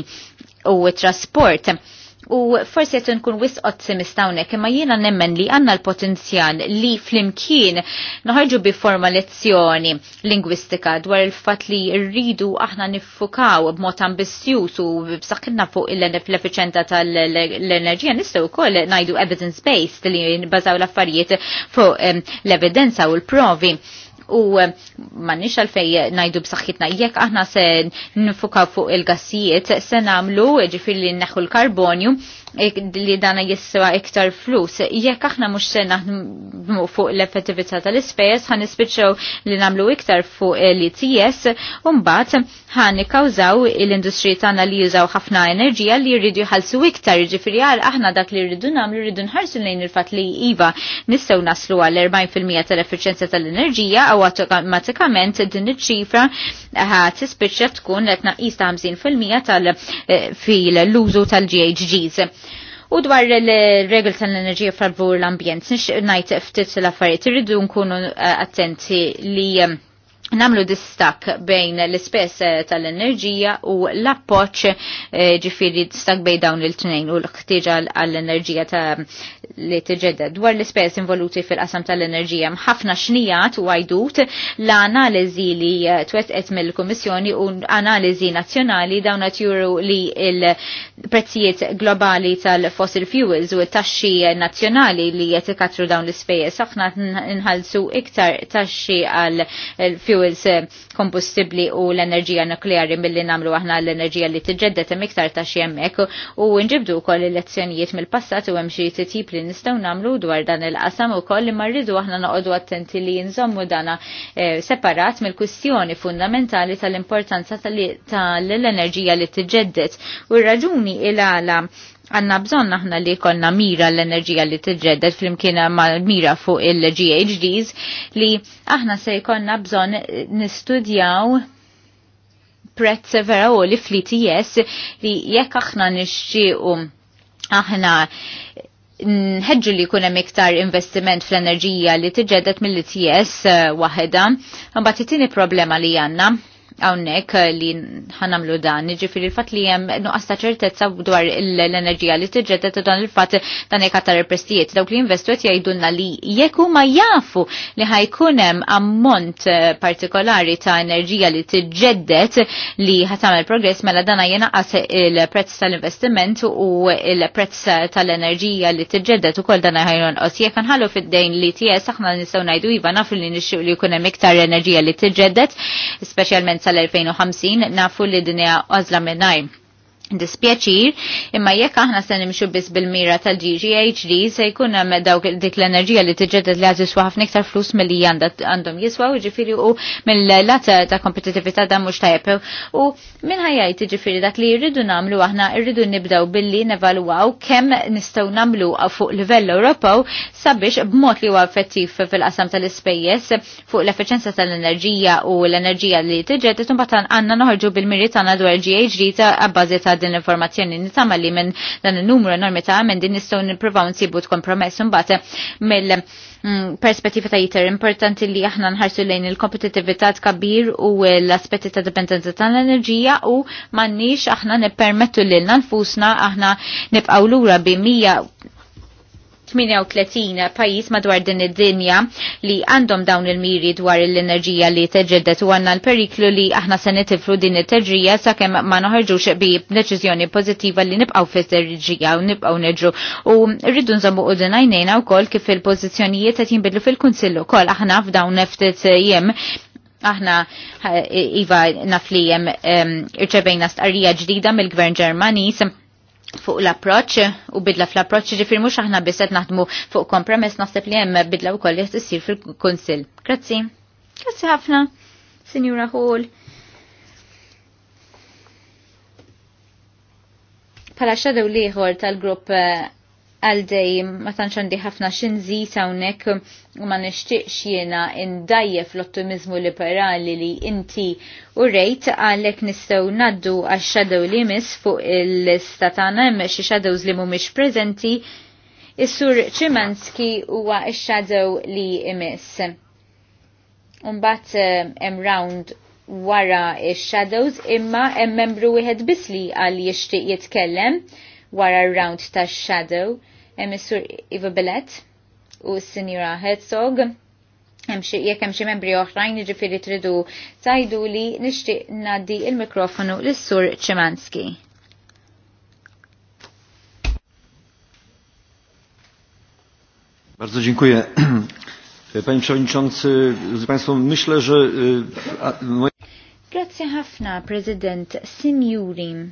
u t trasport u forsi qed nkun wis ottimista hawnhekk imma jiena nemmen li għandna l-potenzjal li flimkien noħarġu bi forma lezzjoni lingwistika dwar il-fatt li rridu aħna niffukaw mot ambisjus u b'saħħitna fuq l efficienta tal-enerġija nistaw wkoll ngħidu evidence-based li nbażaw l-affarijiet fuq l-evidenza u l-provi u eh, mannix għalfej najdu b'saħħitna jekk aħna se nfukaw fuq il-gassijiet se namlu ġifiri neħu l-karbonju li dana jiswa iktar flus. Jekk aħna mhux se naħdmu fuq l-effettività tal-ispejjeż, ħan nispiċċaw li nagħmlu iktar fuq l-ITS u mbagħad ħan nikkawżaw l-industriji tagħna li jużaw ħafna enerġija li jridu jħallsu iktar, jiġifieri għal aħna dak li rridu nagħmlu rridu nħarsu lejn il-fatt li iva nistgħu naslu għal 40% tal-effiċenza tal-enerġija u awtomatikament din iċ-ċifra tispiċċa tkun qed naqis ta' 50% tal-fil eh, l-użu tal-GHGs U dwar il-regol eh, tal-enerġija favur l-ambjent, nix najt ftit l-affarijiet, irridu nkunu eh, attenti li ehm, namlu distak bejn l-ispess eh, tal-enerġija u l-appoċ ġifiri distak bejn dawn il-tnejn u l-ħtieġa għall-enerġija li tiġedda dwar l-ispejjeż involuti fil-qasam tal-enerġija mħafna xnijat u għajdut l-analiżi li eh, twetqet mill-Kummissjoni u analiżi nazzjonali dawn qed juru li l-prezzijiet globali tal-fossil fuels u t-taxxi nazzjonali li qed ikatru dawn l-ispejjeż aħna nħallsu iktar taxxi għal fuels kompostibli u l-enerġija nukleari mill-li namlu aħna l-enerġija li tiġġeddet hemm miktar ta' xiemmek hemmhekk u nġibdu wkoll il-lezzjonijiet mill-passat u hemm xi tip li nistgħu nagħmlu dwar dan il-qasam ukoll li marridu aħna noqogħdu attenti li nżommu dana eh, separat mill-kwistjoni fundamentali tal-importanza tal-enerġija li tiġġeddet u r-raġuni il-għala Għanna bżon aħna li konna mira l-enerġija li t-ġeddet fl imkina ma' mira fuq il-GHDs li aħna se jkollna bżon nistudjaw prezz vera u li fl li jekk aħna u aħna nħedġu li kunem iktar investiment fl-enerġija li t-ġeddet mill-ITS eh, waħda, mbagħad it-tieni problema li għandna għawnek li ħanamlu dan, ġifiri l-fat li jem nuqasta ċertezza dwar l-enerġija li t-ġeddet dan il-fat dan jek ta' repressijiet. Dawk li investu jajdunna li jeku ma jafu li ħajkunem ammont eh, partikolari ta' enerġija li t-ġeddet li ħatamel progress mela dana għas il-prezz tal-investiment u il-prezz tal-enerġija li t-ġeddet u kol dana ħajron os jek nħallu fid-dejn li t-jess aħna nistaw najdu iva nafu li nixxu li kunem iktar enerġija li t-ġeddet, specialment sal-2050 nafu li dinja għazla minnaj dispjaċir, imma jekk aħna se nimxu biss bil-mira tal-GGHD se jkun hemm dawk dik l-enerġija li tiġġedded li għażi jiswa ħafna iktar flus milli għandhom jiswa u ġifieri u mill-lat ta' kompetitività dan mhux tajjeb. U min ħajjajt ġifieri dak li jridu nagħmlu aħna rridu nibdew billi nevalwaw kemm nistgħu nagħmlu fuq livell Ewropew sabiex b'mod li huwa effettiv fil-qasam tal-ispejjeż fuq l-effiċenza tal-enerġija u l-enerġija li tiġġedded imbagħad għandna noħorġu bil-miri tagħna dwar GHD ta' abbażi ta' din l-informazzjoni nitama li minn dan il-numru enormi ta' għamen din nistaw nipprovaw nsibu kompromess mbagħad mill mm, perspettiva ta' jiter importanti li aħna nħarsu lejn il-kompetitività kabir u l-aspetti ta' dipendenza tal-enerġija u m'għandniex aħna nippermettu lil nfusna aħna nibqgħu lura bi 38 pajis madwar din id-dinja li għandhom dawn il-miri dwar l-enerġija li teġeddet u għanna l-periklu li aħna se nitifru din it-teġrija sakemm ma noħarġux bi deċiżjoni pożittiva li nibqgħu fit-teġrija u nibqgħu neġru u rridu nżommu u dinajnejna wkoll kif il-pożizzjonijiet qed jinbidlu fil kunsillu wkoll aħna f'dawn ftit jiem aħna eh, Iva naflijem irċebejna starija ġdida mill-Gvern Ġermanis fuq l-approċ u bidla fl-approċ ġifir mux aħna biset naħdmu fuq kompromess naħseb li hemm bidla u kolli li jtisir fil konsil Grazzi. Grazzi ħafna, Sinjura Hall. Pala xadew liħor tal-grupp eh, Għaldej ma tantx għandi ħafna xinżit hawnhekk u ma nixtieqx jiena indajjef l-ottimizmu liberali li inti u rejt għalhekk nistgħu naddu għax xadow li mis fuq il statana tagħna hemm xi shadows li mhumiex preżenti. Is-sur Ċimanski huwa x-shadow li imiss. Umbat eh, hemm round wara x-shadows imma hemm membru wieħed biss li għal jixtieq jitkellem wara r-round tax-shadow hemm eh, is-Sur Ivo Belet u s-Sinjura Herzog Jek hemm xi membri oħrajn jiġifieri tridu tajdu li nixtieq ngħaddi il-mikrofonu lis-Sur Ċemanski. Bardzo dziękuję. Panie Przewodniczący, z Państwem myślę, że... Grazie ħafna, Prezydent, Signori.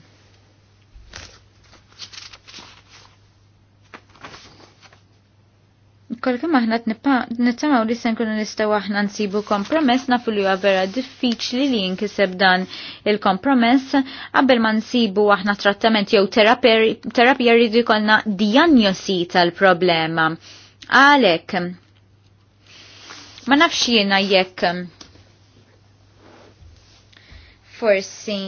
kol kem aħna nittamaw li sen kunu nistaw aħna nsibu kompromess nafu li vera diffiċli li jinkiseb dan il-kompromess qabel ma nsibu aħna trattament jew terapija rridu jkollna dijanjosi tal-problema. Għalek, ma nafx jiena jekk forsi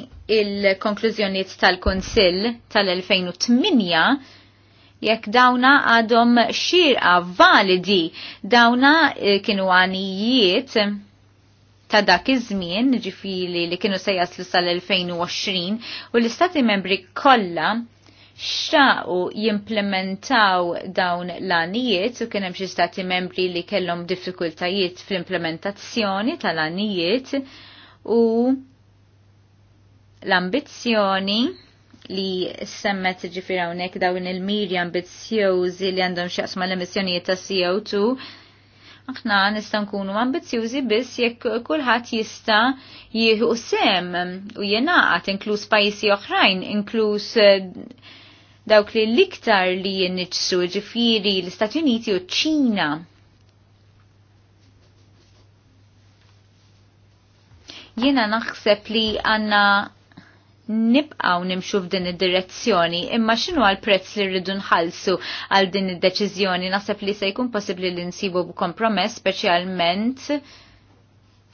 il-konklużjoniet tal konsil tal-2008 jekk dawna għadhom xirqa validi dawna eh, kienu għanijiet ta' dak iż-żmien, ġifili li kienu se jaslu sal-2020, u l-istati membri kollha xtaqu jimplementaw dawn l għanijiet u kien hemm xi stati membri li kellhom diffikultajiet fl-implementazzjoni tal għanijiet u l-ambizzjoni li semmet ġifir hawnhekk dawn il-miri ambizzjużi li għandhom x'jaqsma l-emissjonijiet ta' CO2 aħna nista' nkunu ambizzjużi biss jekk kulħadd jista' jieħu sem u jingħaqad inkluż pajjiżi oħrajn, inkluż eh, dawk li l-iktar li jinniġsu ġifieri l-Istati Uniti u ċ-Ċina. Jiena naħseb li għandna nibqaw nimxu f'din id-direzzjoni, imma xinu għal prezz li rridu nħalsu għal din id-deċiżjoni, naħseb li se jkun possibli li nsibu b'kompromess, speċjalment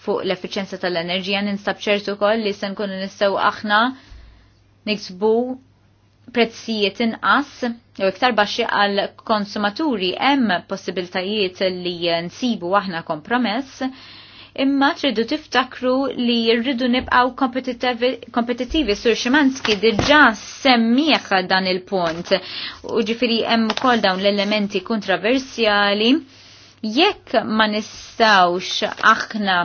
fuq l-effiċenza tal-enerġija, ninsab ċertu koll li se nkunu nistaw aħna niksbu prezzijiet inqas jew iktar baxxi għal konsumaturi hemm possibiltajiet li nsibu aħna kompromess imma tridu tiftakru li rridu nibqaw kompetitivi sur ximanski diġa semmieħ dan il-punt u ġifiri hemm ukoll dawn l-elementi kontraversjali jekk ma nistawx aħna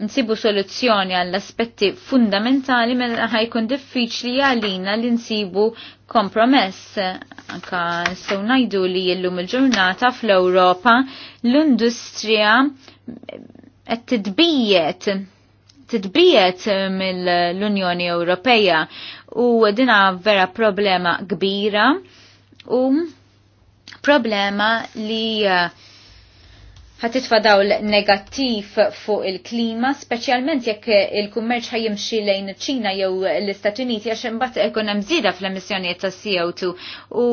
nsibu soluzzjoni għall aspetti fundamentali mela ħajkun diffiċli għalina li nsibu kompromess. Anka sew najdu li jellum il-ġurnata fl-Ewropa l-industrija qed tidbijet, tidbijiet mill-Unjoni Ewropeja u dina vera problema kbira u problema li eh, ħatitfa daw negattiv fuq il-klima, speċjalment jekk il-kummerċ ħajimxi lejn ċina jew l-Istati Uniti għax imbagħad ikun hemm żieda fl-emissjonijiet ta' CO2 u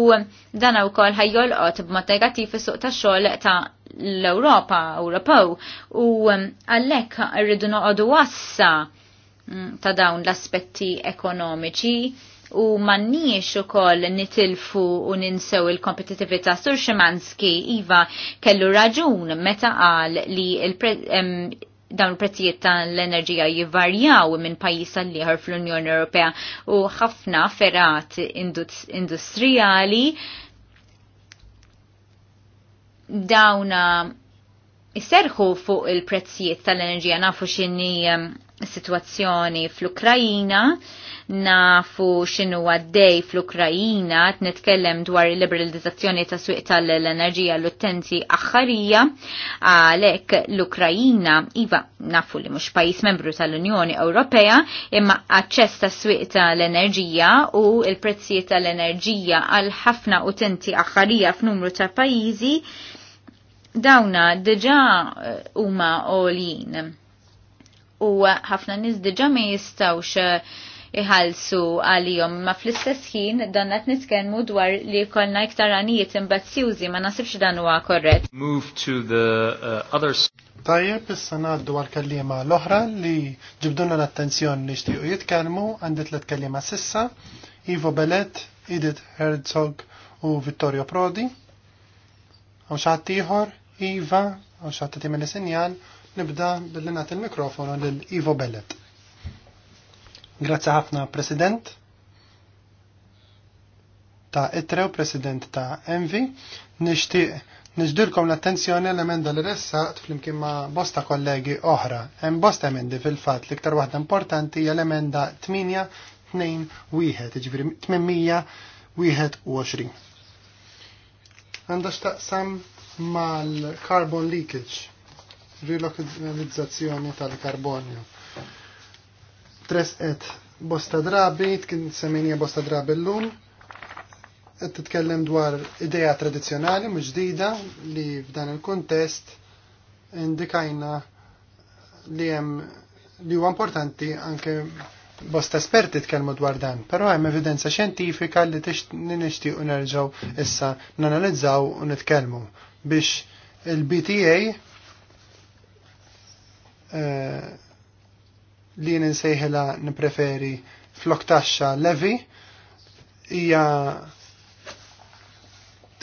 dan ukoll ħajjolqot b'mod negattiv is-suq tax-xogħol ta' l-Europa, Ewropew, u um, għallek rridu noqogħdu wassa mm, ta' dawn l-aspetti ekonomiċi u manniex u nitilfu u ninsew il-kompetitivita Sur Szymanski Iva kellu raġun meta qal li il dawn il-prezzijiet tal-enerġija jivarjaw minn pajjiż għal ieħor fl-Unjoni Ewropea u ħafna ferat industrijali dawna jisserħu fuq il-prezzijiet tal-enerġija nafu x'inhi situazzjoni fl-Ukrajina, nafu x'inhu għaddej fl-Ukrajina, nitkellem dwar il-liberalizzazzjoni ta' swieq tal-enerġija l-utenti aħħarija, għalhekk l-Ukrajina iva nafu li mhux pajjiż membru tal-Unjoni Ewropea, imma aċċess ta' swieq tal-enerġija u l-prezzijiet tal-enerġija għal ħafna utenti aħħarija f'numru ta' pajjiżi dawna diġa eh, huma olin u ħafna nis diġa ma jistawx eh, iħalsu għalijom. Ma fl-istess ħin dan qed nitkellmu dwar li jkollna iktar għanijiet imbazzjużi ma nasibx dan huwa korrett. Move to the uh, other Tajjeb, issa ngħaddu għal kelliema l-oħra li ġibduna l-attenzjoni li xtiequ jitkellmu għandi tliet kelliema sissa, Ivo Belet, Edith Herzog u Vittorio Prodi. Għaw xaħat ieħor Iva, u xatta timel sinjal, nibda billi nagħti il-mikrofonu lil Ivo Bellet. Grazzi ħafna President ta' Itrew, President ta' Envi, nixtieq nixdirkom l-attenzjoni l-emenda li t flimkien ma' bosta kollegi oħra. Hemm bosta emendi fil-fatt l-iktar waħda importanti hija l-emenda 8-2-1, jiġifieri 821. Għandha x'taqsam mal-carbon leakage, rilokalizzazzjoni tal-karbonju. Tresqet bosta drabi, kien semenija bosta drabi l-lum, qed titkellem dwar ideja tradizzjonali mhux ġdida li f'dan il-kuntest indikajna li hemm li huwa importanti anke bosta esperti tkellmu dwar dan, però hemm evidenza xjentifika li nixtiequ nerġgħu issa nanalizzaw u nitkellmu biex il-BTA eh, li ninsejħela nipreferi flok taxxa levi hija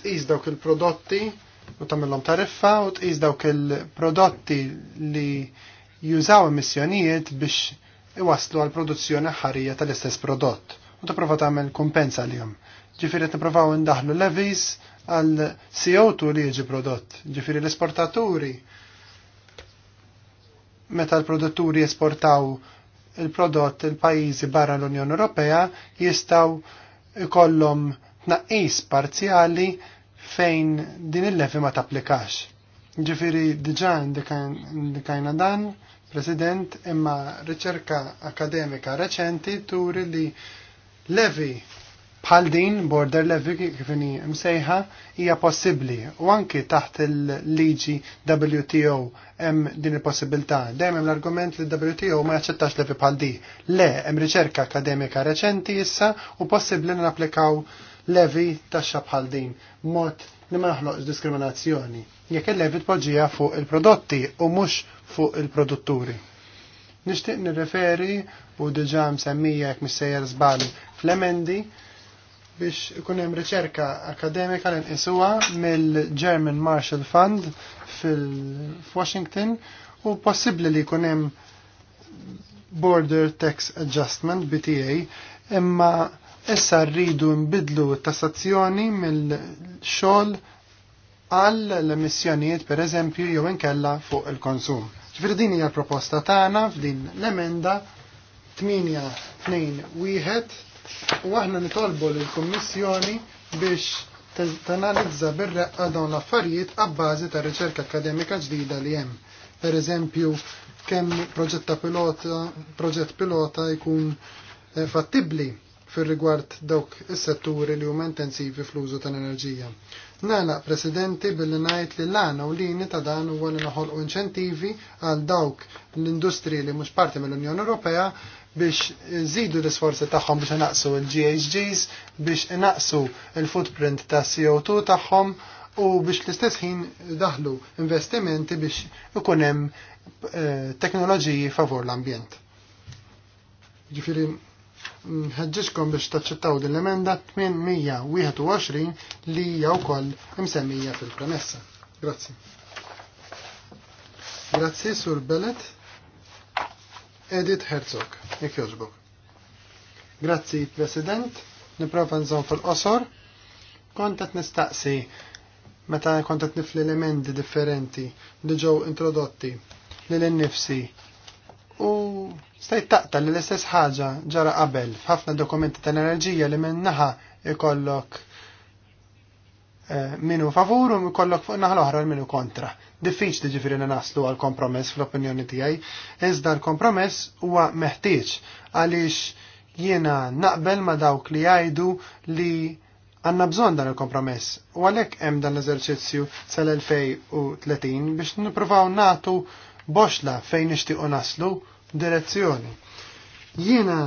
tqis dawk il-prodotti u tagħmilhom tariffa u tqis dawk il-prodotti li jużaw emissjonijiet biex iwaslu għal produzzjoni ħarija tal-istess prodott u tipprova tagħmel kumpensa lihom. Ġifieri qed nippruvaw indaħlu levies għal CO2 li jieġi prodott. Ġifiri l-esportaturi meta l-produtturi esportaw il-prodott il-pajjiżi barra l-Unjoni Ewropea jistaw kollom tnaqqis parzjali fejn din il-levi ma tapplikax. Ġifiri diġan dikajna dan, President, imma riċerka akademika reċenti turi li levi Bħal din border levy kif inhi msejħa hija possibbli u anki taħt il-liġi WTO hemm din il-possibilità. Dejjem hemm l-argument li WTO ma jaċċettax levi bħal di. Le, hemm riċerka akademika reċenti issa u possibbli napplikaw levi taxxa bħal din mod li ma naħloqx diskriminazzjoni. Jekk il-levi tpoġġija fuq il-prodotti u mhux fuq il-produtturi. Nixtieq nirreferi u diġà msemmija jekk missejjer żball fl-emendi biex ikun hemm riċerka akademika l insuwa mill-German Marshall Fund fil-Washington u possibbli li jkun hemm Border Tax Adjustment BTA imma issa rridu nbidlu tassazzjoni mill-xogħol għal l-emissjonijiet per eżempju jew inkella fuq il-konsum. Ġifieri din hija l-proposta tagħna f'din l-emenda 8 2 1 U aħna nitolbu lill-Kummissjoni biex tanalizza bir-reqqa dawn l-affarijiet għabbażi ta' riċerka akademika ġdida li hemm. Per eżempju, kemm proġett pilota, proġett pilota jkun eh, fattibli fir rigward dawk is-setturi li huma intensivi fl-użu tal-enerġija. Nagħlaq Presidenti billi ngħid li l-għana u lini ta' dan huwa li inċentivi għal dawk l-industriji li mhux parti mill-Unjoni Ewropea biex nżidu l-isforzi tagħhom biex naqsu l-GHGs, biex naqsu l-footprint ta' CO2 tagħhom u biex l-istess ħin daħlu investimenti biex ikun hemm eh, teknoloġiji favor l-ambjent. Ġifieri nħeġġixkom biex taċċettaw din l-emenda 821 li hija wkoll imsemmija fil-premessa. Grazzi. Grazzi sur Belet. Edith Herzog, jek joġbok. Grazzi, President, niprofa nżon fil-qosor. Kontat nistaqsi meta kontat nifli elementi differenti li ġew introdotti li l-nifsi u stajt taqta li l-istess ħaġa ġara qabel f'ħafna dokumenti tal-enerġija li minnaħa ikollok eh, minu favur u ikollok fuq naħa l-oħra minu kontra diffiċli ġifieri li naslu għal kompromess fl-opinjoni tiegħi, iżda l-kompromess huwa meħtieġ għaliex jiena naqbel ma dawk li jgħidu li għanna bżon dan il-kompromess u għalhekk hemm dan l-eżerċizzju sal-2030 biex nippruvaw natu boxla fejn nixtiequ naslu direzzjoni. Jiena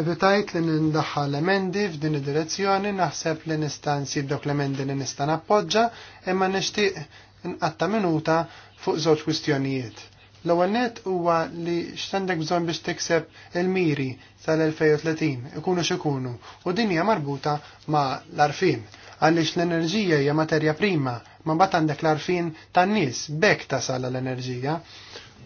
evitajt li nindaħħal emendi f'din id-direzzjoni, naħseb li nista' nsib dawk l-emendi li nista' nappoġġa, imma nixtieq inqatta minuta fuq żewġ kwistjonijiet. L-ewwel net huwa li x'għandek bżonn biex tikseb il-miri tal-2030 ikunu x'ikunu u din hija marbuta ma' l-arfin għaliex l-enerġija hija materja prima ma mbagħad għandek l-arfin tan-nies bekk tasal l-enerġija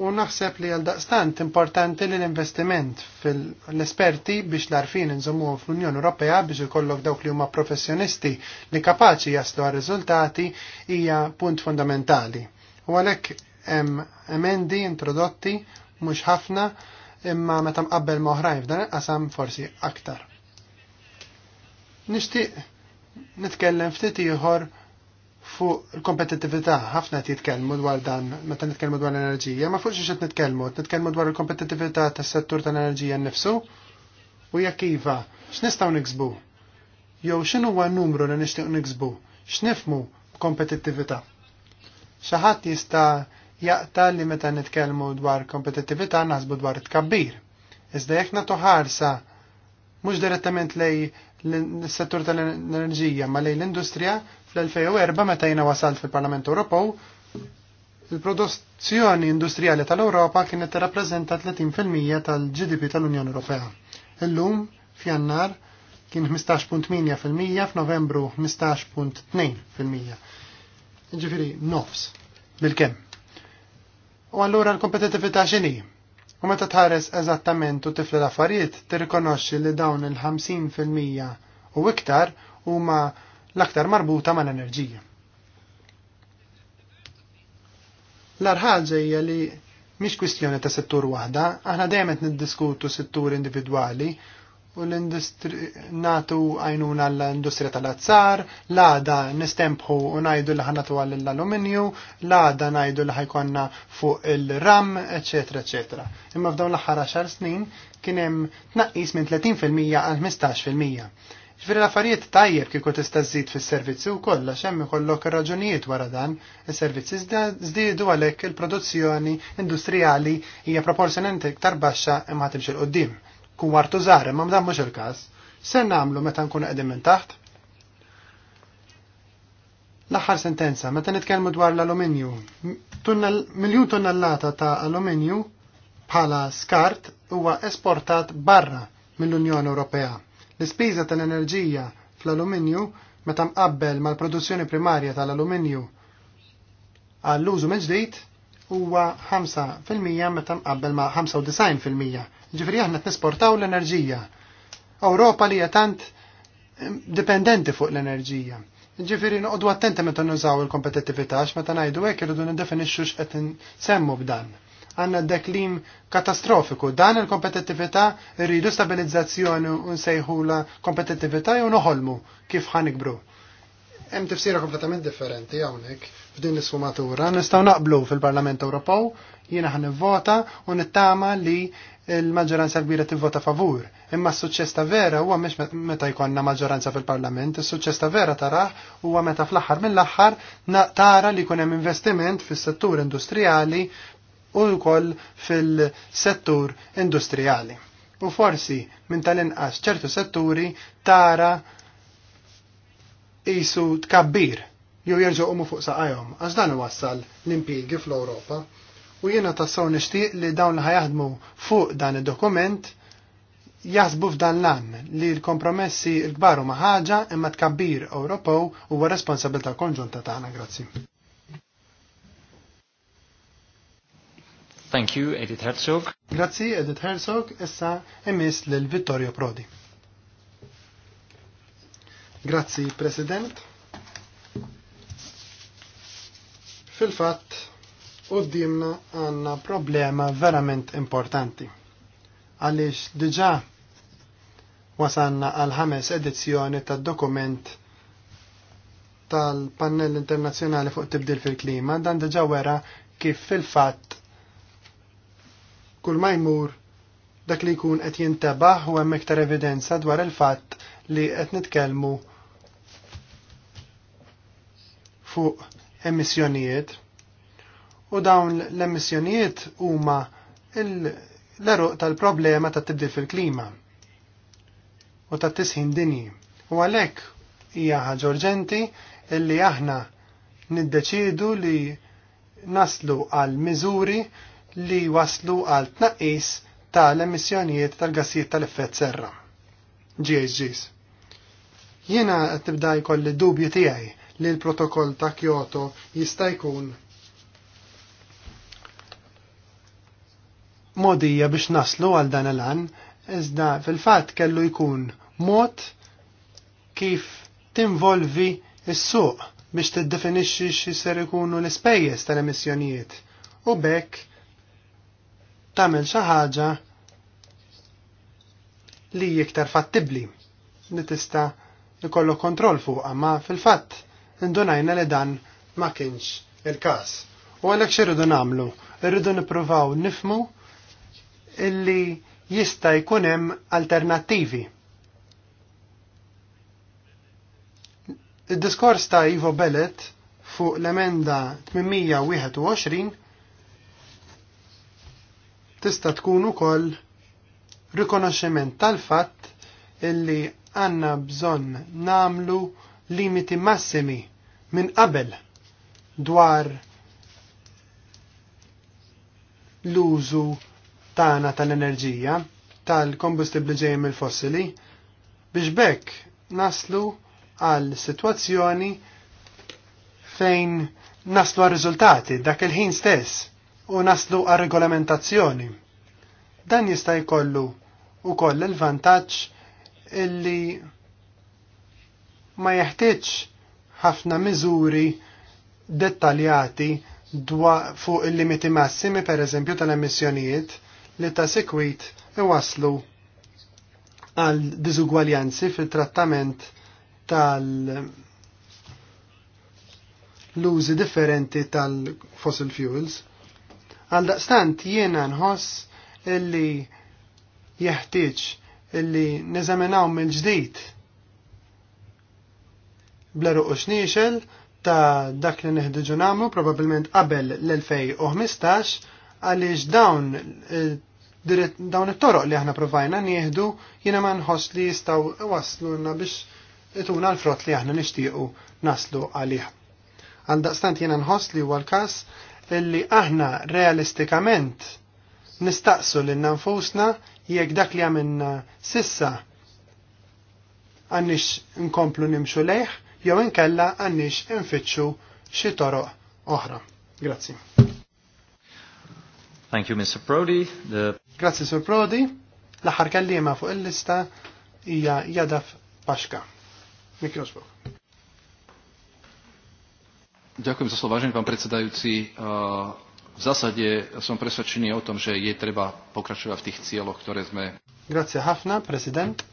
u naħseb li għal-daqstant importanti li l-investiment fil-esperti biex l-arfin nżommu fl-Unjoni Ewropea biex ikollok dawk li huma professjonisti li kapaċi jaslu għal riżultati hija punt fundamentali. U għalhekk hemm emendi introdotti mhux ħafna imma meta mqabbel ma' oħrajn f'dan il-qasam forsi aktar. Nixtieq nitkellem ftit ieħor fuq il kompetitività ħafna qed jitkellmu dwar dan meta nitkellmu dwar l-enerġija, ma fuqx qed nitkellmu, nitkellmu dwar il kompetitività tas-settur tal-enerġija nnifsu u jekk iva, x'nistgħu niksbu? Jew x'inhu huwa n-numru li nixtieq niksbu? X'nifmu kompetittività? Xi ħadd jista' jaqta li meta nitkellmu dwar kompetittività naħsbu dwar it-tkabbir. Iżda jekk nagħtu ħarsa mhux direttament lej l-settur tal-enerġija ma lejn l-industrija fl-2004 meta jiena wasalt fil-Parlament Ewropew il-produzzjoni industrijali tal-Ewropa kienet tirrappreżenta 30% tal-GDP tal-Unjoni Ewropea. Illum f'Jannar kien 15.8% f'Novembru 15.2%. Ġifiri, nofs bil-kemm. U allura l-kompetitività x'inhi? U meta tħares eżattament u tifla l-affarijiet, tirrikonoxxi li dawn il-50% u iktar huma l-aktar marbuta mal-enerġija. L-arħaġa hija li mhix kwistjoni ta' settur waħda, aħna dejjem qed niddiskutu s-settur individwali u l-industri natu għajnuna l-industrija tal-azzar, l-għada nistempħu u najdu li ħanatu għall l-alluminju, l-għada najdu li ħajkonna fuq il-ram, etc. etc. Imma f'dawn l ħara xar snin kienem tnaqqis minn 30% għal 15%. Ġveri l-affarijiet tajjeb kieku tista' żid fis-servizzi u kollha xemm ikollok raġunijiet wara dan, is-servizzi żdiedu għalhekk il-produzzjoni industrijali hija proporzjonalment iktar baxxa imma timxi qudiem kun wartu zaħre, ma mdan mux il-kas. Sen namlu meta nkun qegħdin minn taħt? L-aħħar sentenza, meta nitkellmu dwar l-alluminju, miljun tonnellata ta' alluminju bħala skart huwa esportat barra mill-Unjoni Ewropea. L-ispiża tal-enerġija fl-alluminju meta mqabbel mal-produzzjoni primarja tal-alluminju għall-użu mill-ġdid huwa 5% meta mqabbel ma' 95% Ġifri aħna t nisportaw l-enerġija. Ewropa li tant dipendenti fuq l-enerġija. Ġifiri noqdu attenti meta nużaw il għax meta ngħidu hekk irridu niddefinixxu x'qed semmu b'dan. Għandna deklim katastrofiku. Dan il-kompetittività rridu stabilizzazzjoni u nsejħula kompetittività jew noħolmu kif ħanikbru. Hemm tifsira kompletament differenti hawnhekk f'din l-sfumatura. Nistgħu naqblu fil-Parlament Ewropew, jiena ħan nivvota u nittama li il-maġġoranza kbira tivvota favur. Imma s-suċċess ta' vera huwa mhux meta jkollna maġġoranza fil-Parlament, is-suċċess ta' vera tarah huwa meta fl-aħħar mill-aħħar tara li jkun hemm investiment fis-settur industrijali u jkoll fil-settur industrijali. U forsi minn tal-inqas ċertu setturi tara isu tkabbir jew jerġgħu fuq saqajhom għax dan wassal l-impjiegi fl-Ewropa u jiena tassaw nixtieq li dawn li ħajaħdmu fuq dan id-dokument jaħsbu f'dan l an li l-kompromessi l-kbaru maħħaġa imma tkabbir Ewropew huwa responsabilta konġunta tagħna. Grazzi. Thank you, Edith Herzog. Grazzi, Edith Herzog, issa emis lil Vittorio Prodi. Grazzi, President. Fil-fatt, d-dimna għanna problema verament importanti. Għaliex diġa wasanna għal ħames edizzjoni tad dokument tal-Pannell Internazzjonali fuq tibdil fil-klima dan diġa wera kif fil-fatt kull ma jmur dak li jkun qed jintebaħ u hemm iktar evidenza dwar il-fatt li qed nitkellmu fuq emissjonijiet u dawn l-emissjonijiet huma l-eruq tal-problema ta' tibdil fil-klima u ta' tisħin dinji. U għalhekk hija ħaġa urġenti illi aħna niddeċidu li naslu għal miżuri li waslu għal tnaqqis tal-emissjonijiet tal-gassijiet tal-effett serra. GHGs. Jiena tibda jkolli dubju tiegħi li l-protokoll ta' Kyoto jista' jkun modija biex naslu għal dan l-għan, iżda fil-fat kellu jkun mod kif tinvolvi s-suq biex tiddefinixxi x'ser ikunu l-ispejjeż tal-emissjonijiet u bekk tagħmel xi ħaġa li iktar fattibli li tista' jkollu kontroll fuqha ma fil fat indunajna li dan ma kienx il-każ. U għalhekk x'irridu nagħmlu? Irridu nippruvaw nifmu illi jista' jkun hemm alternattivi. diskors ta' Ivo Bellet fuq l-emenda 821 tista' tkun ukoll rikonoxximent tal-fatt illi għanna bżonn namlu limiti massimi minn qabel dwar l-użu tagħna tal-enerġija tal-kombustibli ġejjin mill-fossili biex bekk naslu għal sitwazzjoni fejn naslu għal riżultati dak il-ħin stess u naslu għal regolamentazzjoni. Dan jista' jkollu wkoll il-vantaġġ illi ma jeħtieġ ħafna miżuri dettaljati dwa fuq il-limiti massimi per eżempju tal-emissjonijiet li ta' sekwit iwaslu għal diżugwaljanzi fil-trattament tal- l-użi differenti tal-fossil fuels. Għal daqstant jiena nħoss illi jeħtieġ illi neżaminaw mill-ġdid bla ruq xniexel ta' dak li neħdiġu namlu probabilment qabel l-2015 għaliex dawn eh, dawn it-toroq li aħna provajna nieħdu jiena ma nħoss li jistgħu waslulna biex ituna l-frott li aħna nixtiequ naslu għalih. Għaldaqstant jiena nħoss li huwa l-każ li aħna realistikament nistaqsu lil nanfusna jekk dak li għamilna sissa għannix nkomplu nimxu lejh jew inkella għannix infittxu xi toroq oħra. Grazzi. Thank you, Mr. Prodi. The... Grazie, Sir Prodi. L-aħħar kellima fuq il-lista hija Jadaf Paxka. Mikrosbok. Dziękuję za słowa, Pan pán W zasadzie są som o tym, że je trzeba pokračovať w tych celach, które sme... Grazie Hafna, Prezydent.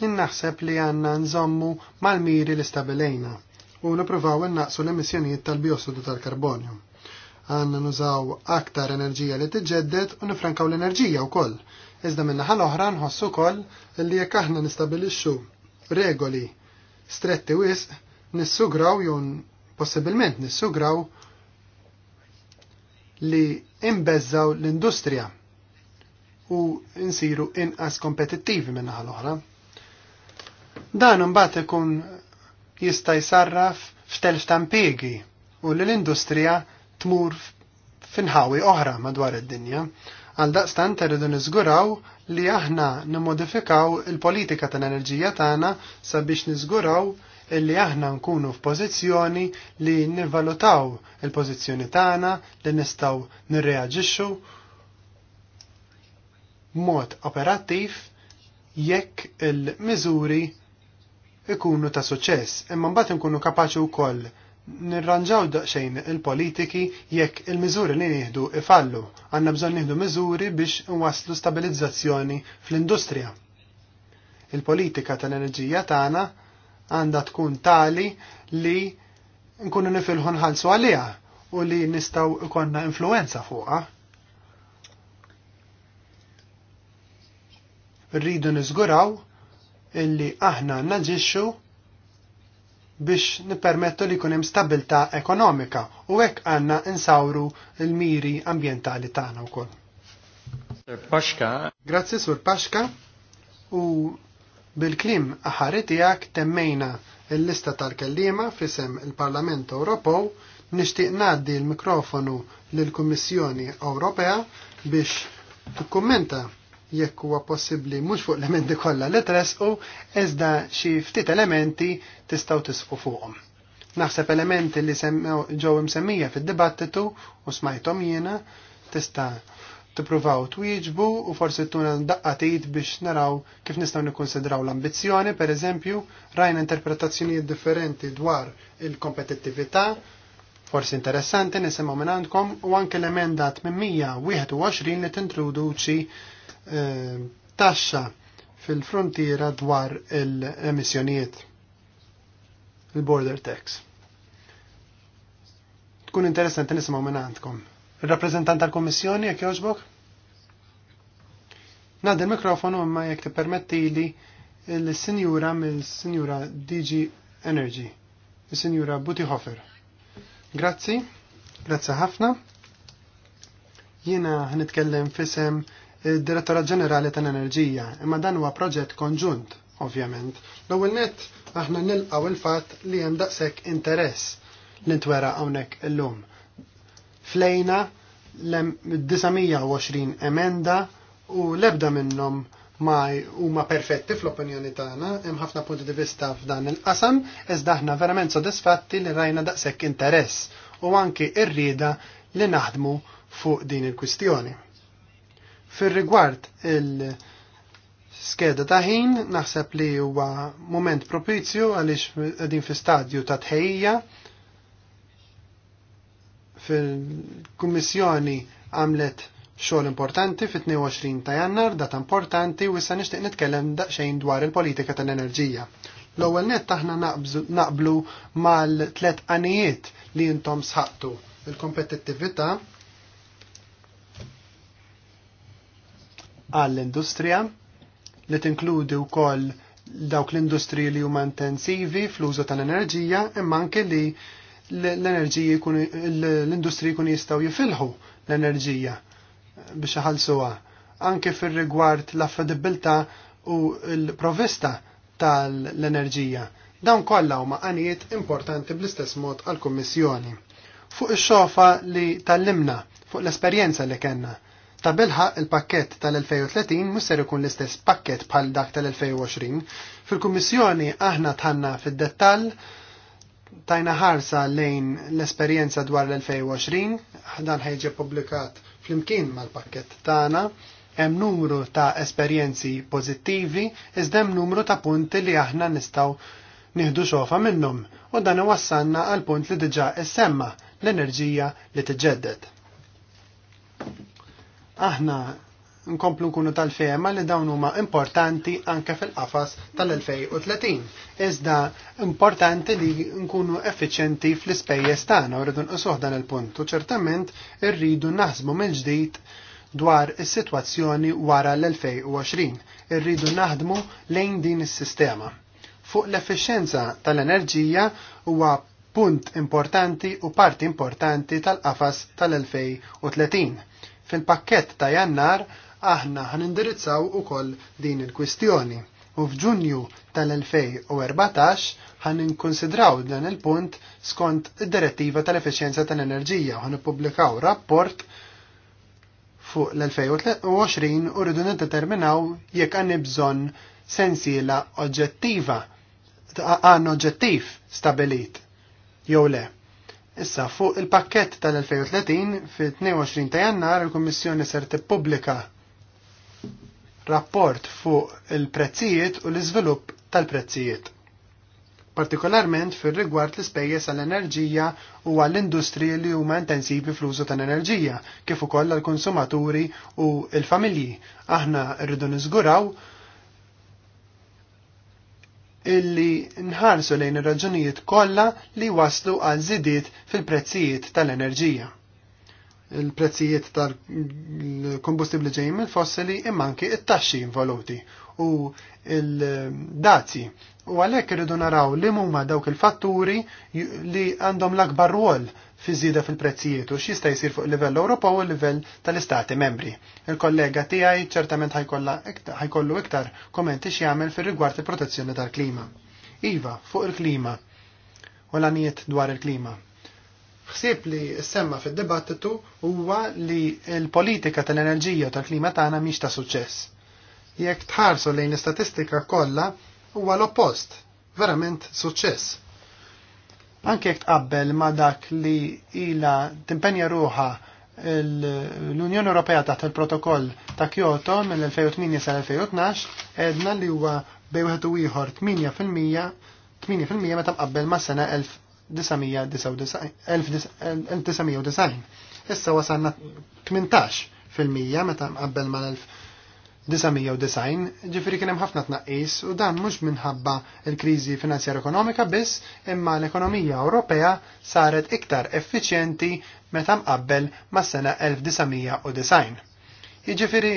Jien naħseb li għanna nżommu mal-miri li stabilejna u nipruvaw innaqsu l-emissjonijiet tal-biossidu tal-karbonju. Għanna nużaw aktar enerġija li tiġġedded u nifrankaw l-enerġija wkoll. Iżda minna ħal oħra nħossu wkoll li jekk aħna nistabilixxu regoli stretti wisq nissugraw jew possibilment nissugraw li imbezzaw l-industrija u nsiru inqas kompetittivi minna ħal oħra. Dan mbagħad ikun jista' jsarraf f'telf tampegi u li l-industrija tmur finħawi oħra madwar id-dinja. Għal daqstan terridu niżguraw li aħna nimodifikaw il-politika tal-enerġija tagħna sabiex niżguraw illi aħna nkunu f'pożizzjoni li nivvalutaw il-pożizzjoni tagħna li nistgħu nirreaġixxu mod operattiv jekk il-miżuri ikunu ta' suċess, imma mbagħad inkunu kapaċi wkoll nirranġaw daqsxejn il-politiki jekk il-miżuri li nieħdu ifallu. Għandna bżonn nieħdu miżuri biex nwaslu stabilizzazzjoni fl-industrija. Il-politika tal-enerġija tagħna għandha tkun tali li nkunu nifilħu nħallsu għaliha u li nistgħu ikonna influenza fuqha. Rridu niżguraw illi aħna naġixxu biex nipermettu li kunem stabilta ekonomika u hekk għanna insawru l-miri ambientali tagħna wkoll. Paxka. Grazzi sur Paxka u bil-klim aħaritijak tiegħek temmejna l-lista tal-kellima fisem il-Parlament Ewropew nixtieq ngħaddi l-mikrofonu lill-Kummissjoni Ewropea biex tukkommenta jekk huwa possibbli mhux fuq elementi kollha li tresqu iżda xi ftit elementi tistgħu tisqu fuqhom. Naħseb elementi li ġew imsemmija fid-dibattitu u smajthom jiena tista' tippruvaw twieġbu u forsi tuna daqqatit biex naraw kif nistgħu nikkonsidraw l-ambizzjoni, pereżempju, rajna interpretazzjonijiet differenti dwar il-kompetittività, Forsi interessanti nisimgħu minn għandkom u anke l-emenda 121 li tintroduċi Eh, taxxa fil-frontiera dwar l-emissjonijiet, il-border tax. Tkun interessanti nisimgħu minn għandkom. Il-rappreżentant tal-Kummissjoni jekk jogħġbok? Nad il-mikrofonu imma jekk tippermetti li l-sinjura mill-sinjura DG Energy, il-sinjura Butihofer. Grazzi, grazzi ħafna. Jiena ħnitkellem fisem il-Direttora Ġenerali ta' enerġija imma dan huwa proġett konġunt, ovvjament. L-ewwel nett aħna nilqgħu il-fatt li hemm daqshekk interess li ntwera hawnhekk illum. Flejna l-920 emenda u l-ebda minnhom ma huma perfetti fl-opinjoni tagħna, hemm ħafna punti di vista f'dan il-qasam, iżda aħna verament sodisfatti li rajna daqshekk interess u anki rrieda li naħdmu fuq din il-kwistjoni fil rigward il-skeda ta' ħin, naħseb li huwa moment propizju għaliex għedin fi stadju ta' tħejja fil-Kummissjoni għamlet xogħol importanti fit-22 ta' Jannar, data importanti u issa nixtieq nitkellem daqsxejn dwar il-politika tal-enerġija. L-ewwel nett aħna naqblu mal-tlet anijiet li intom sħaqtu il-kompetittività, għall-industrija li tinkludi wkoll dawk l-industriji li huma intensivi fl-użu tal-enerġija imma anke li l jkun l-industriji jkun jistgħu jifilħu l-enerġija biex iħallsuha anke fir-rigward l-affedibilità u l-provista tal-enerġija. Dawn kollha huma għanijiet importanti bl-istess mod għall-Kummissjoni. Fuq ix-xofa li tallimna, fuq l-esperjenza li kellna Ta' belħa il-pakket tal-2030 musser ikun l-istess pakket bħal dak tal-2020. Fil-Kummissjoni aħna tħanna fid-dettall tajna ħarsa lejn l-esperjenza dwar l-2020, dan ħajġi publikat fl-imkien mal-pakket tagħna hemm numru ta' esperjenzi pożittivi, iżda hemm numru ta' punti li aħna nistgħu nieħdu xofa minnhom u dan iwassalna għal punt li diġà issemma l-enerġija li tiġġedded. Aħna nkomplu nkunu tal-fema li dawn huma importanti anke fil-qafas tal-2030. Iżda importanti li nkunu effiċenti fl-ispejjeż tagħna u rridu nqisuh dan il-punt u ċertament irridu naħsbu mill-ġdid dwar is-sitwazzjoni wara l-2020. Irridu naħdmu lejn din is-sistema. Fuq l-effiċenza tal-enerġija huwa punt importanti u parti importanti tal-qafas tal-2030 Fil-pakket ta' jannar aħna ħanindirizzaw ukoll din il-kwistjoni u f'Ġunju tal-2014 ħan inkonsidraw dan il-punt skont id-direttiva tal-efficienza tal-enerġija u nippubblikaw rapport fuq l-2020 u rridu niddeterminaw jekk għandni bżonn sensiela oġġettiva għan oġġettiv stabilit jew le. Issa, fuq il-pakket tal-2030 fit-22 ta' jannar il-Kommissjoni ser tippubblika rapport fuq il-prezzijiet u l-iżvilupp tal-prezzijiet. Partikolarment fir rigward l-ispejjeż għall-enerġija u għall-industriji li huma intensivi fl-użu tal-enerġija, kif ukoll għall-konsumaturi u l-familji. Aħna rridu niżguraw illi nħarsu lejn ir-raġunijiet kollha li waslu għal żidiet fil-prezzijiet tal-enerġija. Il-prezzijiet tal-kombustibli ġejjin mill-fossili imma anke it-taxxi involuti u l-dazzi U għalhekk irridu naraw li huma dawk il-fatturi li għandhom l-akbar rwol fi żieda fil-prezzijiet u x'jista' jsir fuq livell Ewropa u livell tal-Istati membri. Il-kollega tiegħi ċertament ħajkollu iktar kommenti x'jagħmel fir-rigward il-protezzjoni tal-klima. Iva, fuq il-klima u l-għanijiet dwar il-klima. Ħsieb li semma fid-dibattitu huwa li l-politika tal-enerġija u tal-klima tagħna mhix ta' suċċess. Jekk tħarsu lejn l-istatistika kollha huwa l-oppost, verament suċċess. Anke jekk tqabbel ma dak li ila timpenja ruħa l-Unjoni Ewropea taħt il-protokoll ta' Kyoto mill-2008 sal-2012 edna li huwa bej wieħed u ieħor 8% 8% meta mqabbel ma' sena 1999. Issa wasalna 18% meta mqabbel mal-1990 1990 ġifiri kien hemm ħafna tnaqqis u dan mhux minħabba l-kriżi finanzjar ekonomika biss, imma l-ekonomija Ewropea saret iktar effiċjenti meta mqabbel mas-sena 1990. Jiġifieri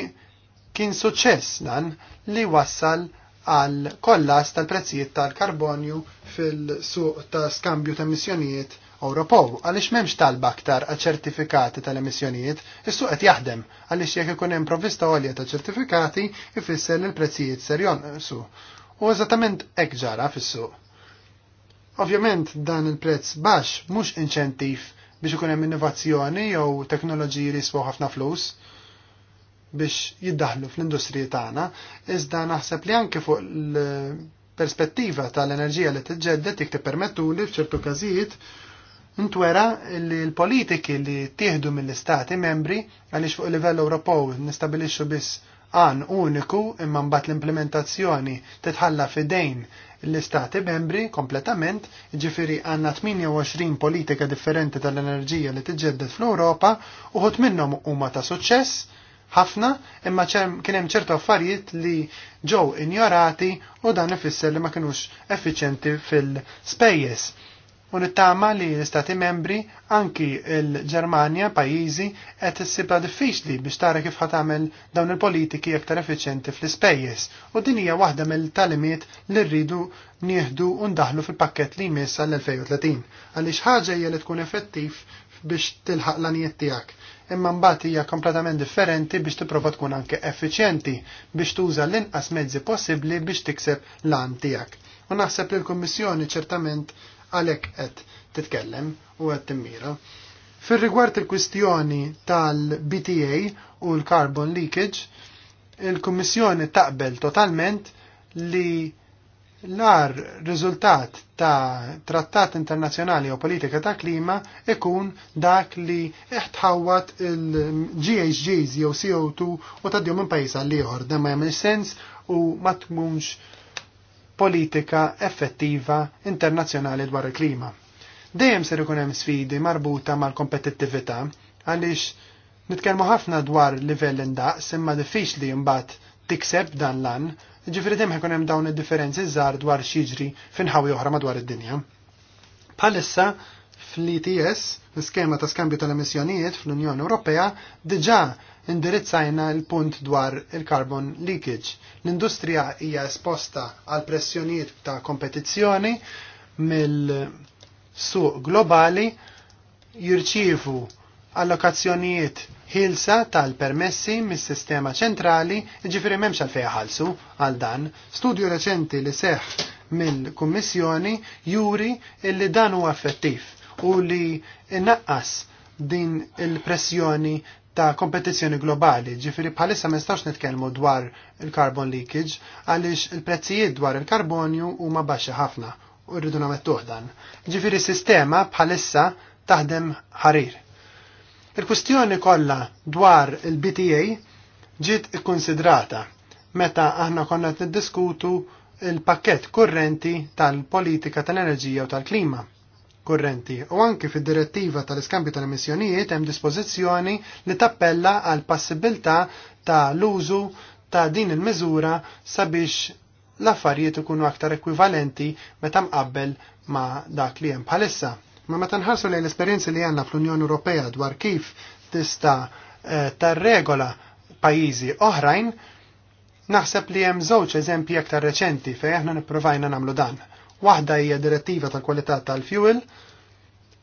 kien suċċess dan li wassal għal kollas tal-prezzijiet tal-karbonju fil-suq ta' skambju ta' missjonijiet Ewropew għaliex m'hemmx talba aktar għal ċertifikati tal-emissjonijiet, is-suq qed jaħdem għaliex jekk ikun hemm provvista għolja ta' ċertifikati ifisser li l-prezzijiet ser jonqsu. U eżattament hekk ġara fis-suq. Ovvjament dan il-prezz baxx mhux inċentiv biex ikun hemm innovazzjoni jew teknoloġiji li jiswaw ħafna flus biex jiddaħlu fl-industriji tagħna, iżda naħseb li anke fuq l perspettiva tal-enerġija li tiġġedded jekk tippermettu li f'ċertu każijiet Ntwera li l-politiki li tieħdu mill-istati membri għaliex fuq livell Ewropew nistabilixxu biss għan uniku imma mbagħad l-implementazzjoni titħalla fidejn l-istati membri kompletament, ġifiri għanna 28 politika differenti tal-enerġija li tiġġeddet fl-Ewropa uħut minnhom huma ta' suċċess ħafna imma kien hemm ċertu affarijiet li ġew injorati u dan ifisser li ma kinux effiċenti fil-spejjeż u nittama li l-Istati membri anki l-Ġermanja pajjiżi qed issibha diffiċli biex tara kif ħatamel dawn il-politiki aktar effiċjenti fl-ispejjeż u din hija waħda mill-talimiet li rridu nieħdu u ndaħlu fil-pakkett li jmiss għall-2030 għaliex ħaġa hija li tkun effettiv biex tilħaq l-anijiet tiegħek imma mbagħad hija kompletament differenti biex tipprova tkun anke effiċjenti biex tuża l-inqas mezzi possibbli biex tikseb l-għan tiegħek. U naħseb li l-Kummissjoni ċertament għalhekk qed titkellem u qed timmira. Fir-rigward il-kwistjoni tal-BTA u l-carbon leakage, il-Kummissjoni taqbel totalment li l-ar riżultat ta' trattat internazzjonali u politika ta' klima ikun dak li iħtħawat il-GHGs jew CO2 u taddju minn pajis għal ieħor dan ma jagħmel sens u ma tkunx politika effettiva internazzjonali dwar il-klima. Dejjem ser ikun hemm sfidi marbuta mal-kompetittività għaliex nitkellmu ħafna dwar livell indaqs imma diffiċli mbagħad tikseb dan l-an, ġifri dejjem ikun hemm dawn id-differenzi żgħar dwar xiġri finħawi oħra madwar id-dinja. Bħalissa fl-ETS, l-iskema ta' skambju tal-emissjonijiet fl-Unjoni Ewropea, diġà indirizzajna l-punt dwar il-carbon leakage. L-industrija hija esposta għal pressjonijiet ta' kompetizzjoni mill-suq globali jirċievu allokazzjonijiet ħilsa tal-permessi mis-sistema ċentrali, ġifiri memx għal ħalsu għal dan. Studju reċenti li seħ mill-Kummissjoni juri illi dan huwa effettiv u li naqqas din il-pressjoni ta' kompetizzjoni globali, ġifiri bħalissa ma nistax nitkellmu dwar il-carbon leakage għaliex il-prezzijiet dwar il-karbonju huma baxxi ħafna u rridu nagħmel dan. Ġifiri sistema bħalissa taħdem ħarir. Il-kwistjoni kollha dwar il-BTA ġiet ikkonsidrata meta aħna konna niddiskutu il-pakket kurrenti tal-politika tal-enerġija u tal-klima. tal politika tal enerġija u tal klima kurrenti. U anki fid-direttiva tal-iskambju tal-emissjonijiet hemm dispożizzjoni li tappella għal passibilità ta' l-użu ta' din il-miżura sabiex l-affarijiet ikunu aktar ekwivalenti meta mqabbel ma' dak li hemm bħalissa. Ma meta nħarsu lejn l-esperjenzi li għandna fl-Unjoni Ewropea dwar kif tista' eh, tarregola pajjiżi oħrajn, naħseb li hemm żewġ eżempji aktar reċenti fejn aħna nippruvajna nagħmlu dan. Waħda hija direttiva tal-kwalità tal-fuel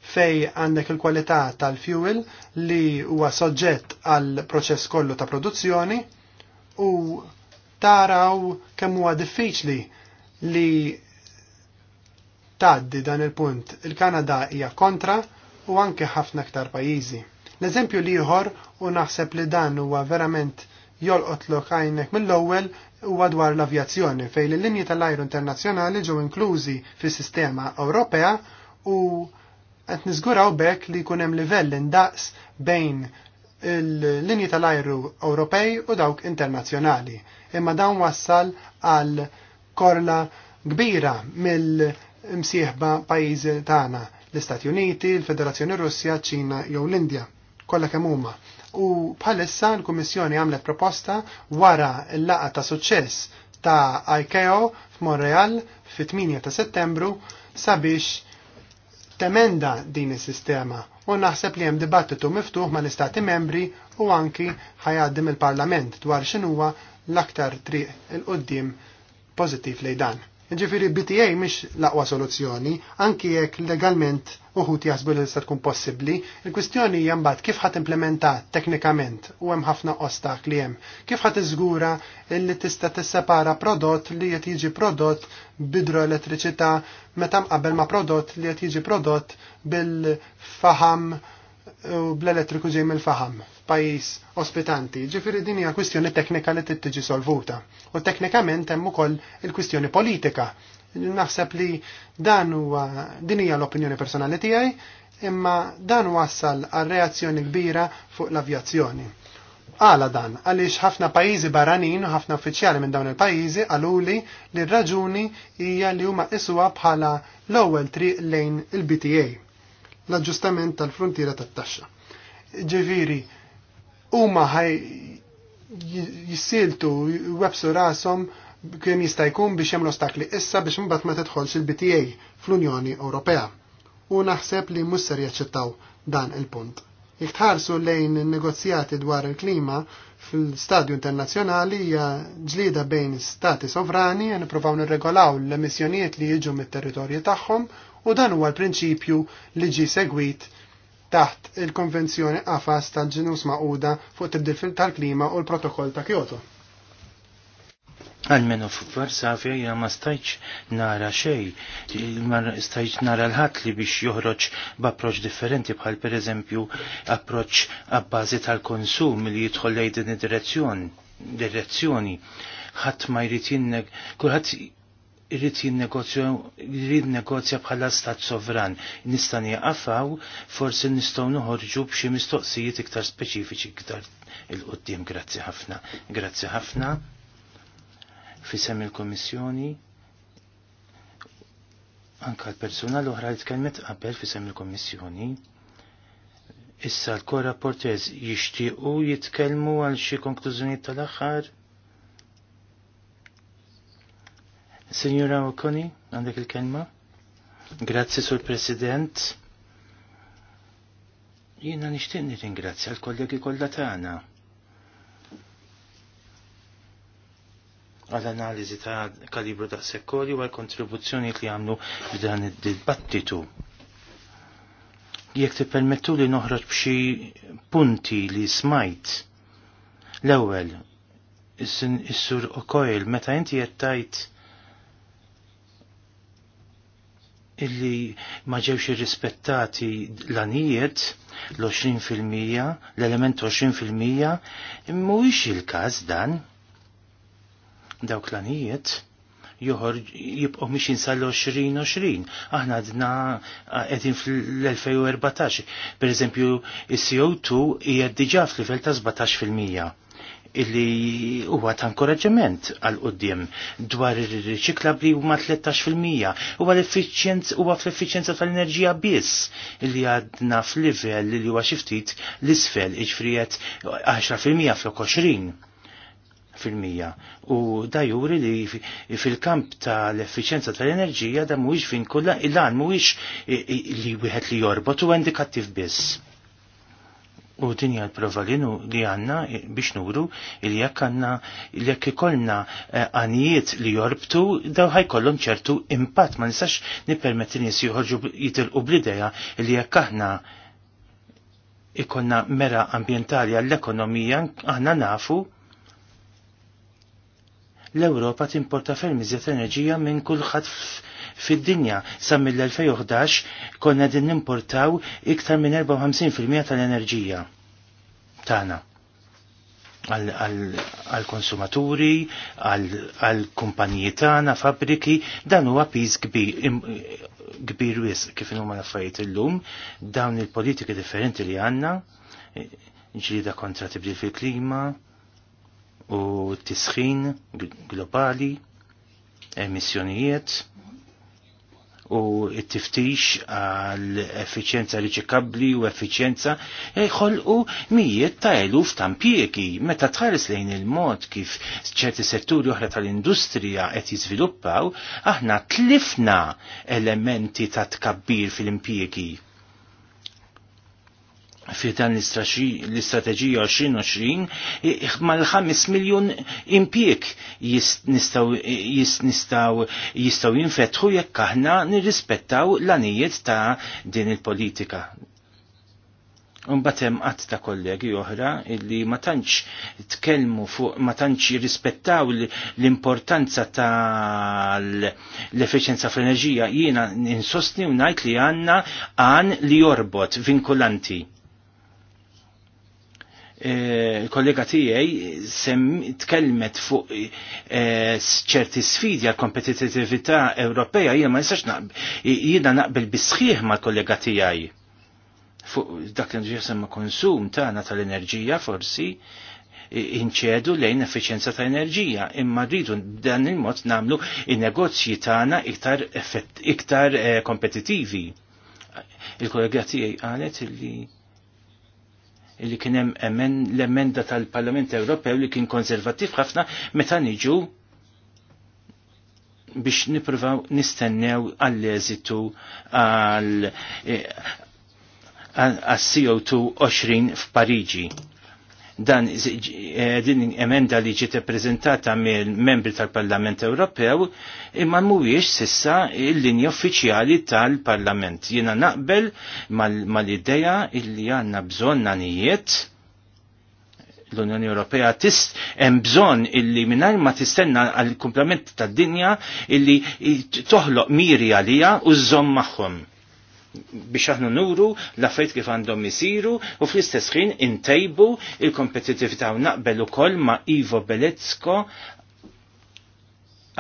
fej għandek il-kwalità tal-fuel li huwa soġġett għal proċess kollu ta' produzzjoni u taraw kemm huwa diffiċli li taddi dan il-punt il-Kanada hija kontra u anke ħafna aktar pajjiżi. L-eżempju li ieħor u naħseb li dan huwa verament jolqot għajnek mill-ewwel huwa dwar l-avjazzjoni fejn l linji tal-ajru internazzjonali ġew inklużi fis-sistema Ewropea u qed niżguraw bekk li jkun hemm livell indaqs bejn il-linji tal-ajru Ewropej u dawk internazzjonali. Imma dawn wassal għal korla kbira mill-msieħba pajjiżi tagħna l-Istati Uniti, il-Federazzjoni Russja, ċina jew l-Indja. Kollha kemm huma U bħalissa l-Kummissjoni għamlet proposta wara l-laqa ta' suċċess ta' ICAO f'Monreal fit-8 ta' settembru sabiex temenda din is-sistema u naħseb li hemm dibattitu miftuħ mal-Istati membri u anki ħajaddim il-Parlament dwar x'inhuwa l-aktar triq il-qoddim pożittiv lejn dan. Ġifiri BTA mish laqwa soluzzjoni, anki jekk legalment uħut jasbu li tista' tkun possibbli, il-kwistjoni hija mbagħad kif ħadd implementa teknikament u hemm ħafna li hemm. Kif ħadd iżgura li tista' tissepara prodott li qed jiġi prodott bidroelettriċità meta mqabel ma' prodott li qed jiġi prodott bil-faham u bl-elettriku ġej mill-faham f'pajjiż ospitanti. Ġifieri din hija kwistjoni teknika li trid tiġi solvuta. U teknikament hemm ukoll il-kwistjoni politika. Naħseb li dan huwa din hija l-opinjoni personali tiegħi, imma dan wassal għal reazzjoni kbira fuq l-avjazzjoni. Għala dan, għaliex ħafna pajjiżi barranin u ħafna uffiċjali minn dawn il-pajjiżi għaluli li r-raġuni hija li huma iswa bħala l-ewwel triq lejn il-BTA l-aġġustament tal-frontiera tat-taxxa. Ġeviri, huma ħaj jissiltu websu rasom kemm jista' jkun biex hemm l-ostakli issa biex mbagħad ma tidħolx il-BTA fl-Unjoni Ewropea. U naħseb li mhux ser jaċċettaw dan il-punt. Jekk tħarsu lejn negozjati dwar il-klima fil-stadju internazzjonali hija ġlida bejn stati sovrani nippruvaw nirregolaw l-emissjonijiet li jiġu mit-territorji tagħhom u dan huwa l-prinċipju li ġi segwit taħt il-Konvenzjoni AFAS tal-ġinus maquda fuq tibdil tal-klima u l-protokoll ta' Kyoto. Għalmenu f'war safja jina ma stajċ nara xej, ma stajċ nara l-ħat li biex joħroġ b'approċ differenti bħal per eżempju approċ għabbażi tal-konsum li jitħollej din id-direzzjoni. Direzzjoni ħadd ma jrid jinnek, kulħadd irrid jinnegozja bħala stat sovran. Nista' għafaw forsi nistgħu noħorġu b'xi mistoqsijiet iktar speċifiċi iktar il-qoddim. Grazzi ħafna. Grazzi ħafna. Fisem il-Komissjoni anka l-persuna l-oħra li tkellmet qabel fisem il-Komissjoni. Issa l korra Portez jixtiequ jitkellmu għal xi konklużjonijiet tal-aħħar? Signora Oconi, għandek il-kelma. Grazzi sur President. Jiena nixtieq nirringrazzja l-kollegi kollha tagħna. għal analiżi ta' kalibru ta' sekkoli u għall-kontribuzzjoni li għamlu b'dan id-dibattitu. Jekk tippermettu li noħroġ b'xi punti li smajt. L-ewwel, is-sur Okoil meta inti qed tajt illi ma ġewx irrispettati l-anijiet l-20%, l-element 20%, mhuwiex il-każ dan. Dawk l-anijiet joħor jibqgħu miex 20 2020. Aħna għadna qegħdin fl-2014. Per eżempju, is-CO2 hija diġà f'livell ta' 17% illi huwa ta' inkoraġġiment għal qudiem dwar ir-riċiklabli huma 13% huwa l effiċjenza huwa fl-effiċjenza tal-enerġija biss illi għadna f'livell li huwa xi ftit l-isfel iġifieri qed 10% flok 20 fil-mija. U da juri li fil-kamp tal-effiċenza tal-enerġija da mhuwiex fin kollha il-għan mhuwiex li wieħed li jorbot u indikattiv biss U dinja l provalinu li għanna biex nuru li jekk għanna li jekk ikollna eh, għanijiet li jorbtu daw ħajkollhom ċertu impatt ma nistax nippermetti nies joħorġu jitilqu bl-idea li jekk aħna ikonna mera ambientali għall-ekonomija aħna nafu l-Ewropa timporta ferm iżjed enerġija minn kulħadd fid-dinja. Sa mill-2011 konna din nimportaw iktar minn 54% tal-enerġija tagħna għal-konsumaturi, għal-kumpaniji tagħna, fabriki, dan huwa piż kbir wis kif huma l-affarijiet illum, dawn il politika differenti li għandna, ġlida kontra tibdil fil-klima, u tisħin globali, emissjonijiet, u t-tiftix għal effiċjenza riċikabbli u effiċjenza jħolqu mijiet ta' eluf ta' impjiegi meta tħares lejn il-mod kif ċerti setturi oħra tal-industrija qed jiżviluppaw aħna tlifna elementi ta' tkabbir fil impieki fi dan l-istrateġija 2020 mal-5 miljon impjek nistaw jistaw jinfetħu jekk aħna nirrispettaw l-anijiet ta' din il-politika. Unbatem għat ta' kollegi oħra illi ma tantx tkellmu fuq ma tantx jirrispettaw l-importanza tal-efficienza fl-enerġija jiena insostni u ngħid li għandna għan li jorbot vinkulanti Eh, kollega tijaj sem tkelmet fuq eh, ċerti sfidi għal kompetitivita Ewropea jina ma nistax jina naqbel bisħiħ ma kollega tijaj fuq dak li ma konsum tagħna tal-enerġija forsi inċedu lejn effiċjenza ta' enerġija, imma rridu dan il-mod namlu in-negozji tagħna iktar iktar eh, kompetitivi. Il-kollega tiegħi qalet li li kien hemm l-emenda tal-Parlament Ewropew li kien konservativ ħafna meta niġu biex nipruvaw nistennew għall-eżitu għal eh, CO2 20 f'Pariġi. Dan eh, din emenda li ġiet ippreżentata mill-membri tal-Parlament Ewropew imma mhuwiex sissa l-linja uffiċjali tal-Parlament. Jiena naqbel mal-idea mal illi għandna bżonn għanijiet l-Unjoni Ewropea tist hemm bżonn illi mingħajr ma tistenna għall kumplament tad-dinja illi toħloq miri għalija u żżomm magħhom biex aħna nuru l-affarijiet kif għandhom isiru u fl-istess ħin intejbu il kompetitività u naqbel ukoll ma' Ivo Belezko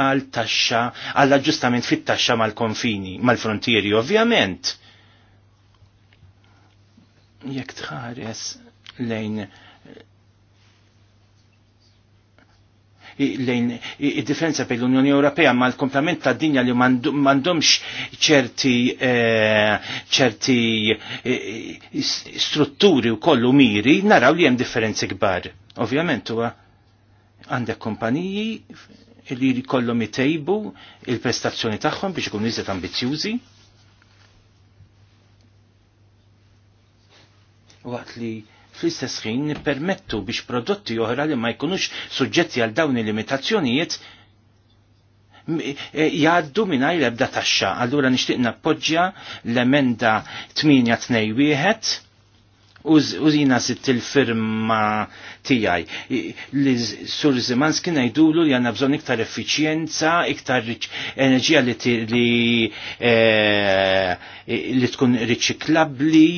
għal taxxa għall aġġustament fit-taxxa mal-konfini, mal-frontieri, ovvjament. Jekk tħares lejn lejn id-differenza bejn l-Unjoni Ewropea ma l komplement ta' dinja li m'għandhomx ċerti eh, ċerti eh, strutturi u kollu miri, naraw li hemm differenzi kbar. Ovvjament huwa għandek kompaniji li jkollhom itejbu il-prestazzjoni tagħhom biex ikunu iżjed ambizzjużi. Waqt li fl-istess ħin nippermettu biex prodotti oħra li ma jkunux suġġetti għal dawn il-limitazzjonijiet e, e, jgħaddu mingħajr ebda taxxa. Allura nixtieq nappoġġja l-emenda 8 wieħed użina sitt il-firma tijaj. Li sur Zimanski najdulu li għanna bżon iktar effiċjenza, iktar enerġija li, li, e, li tkun riċiklabli,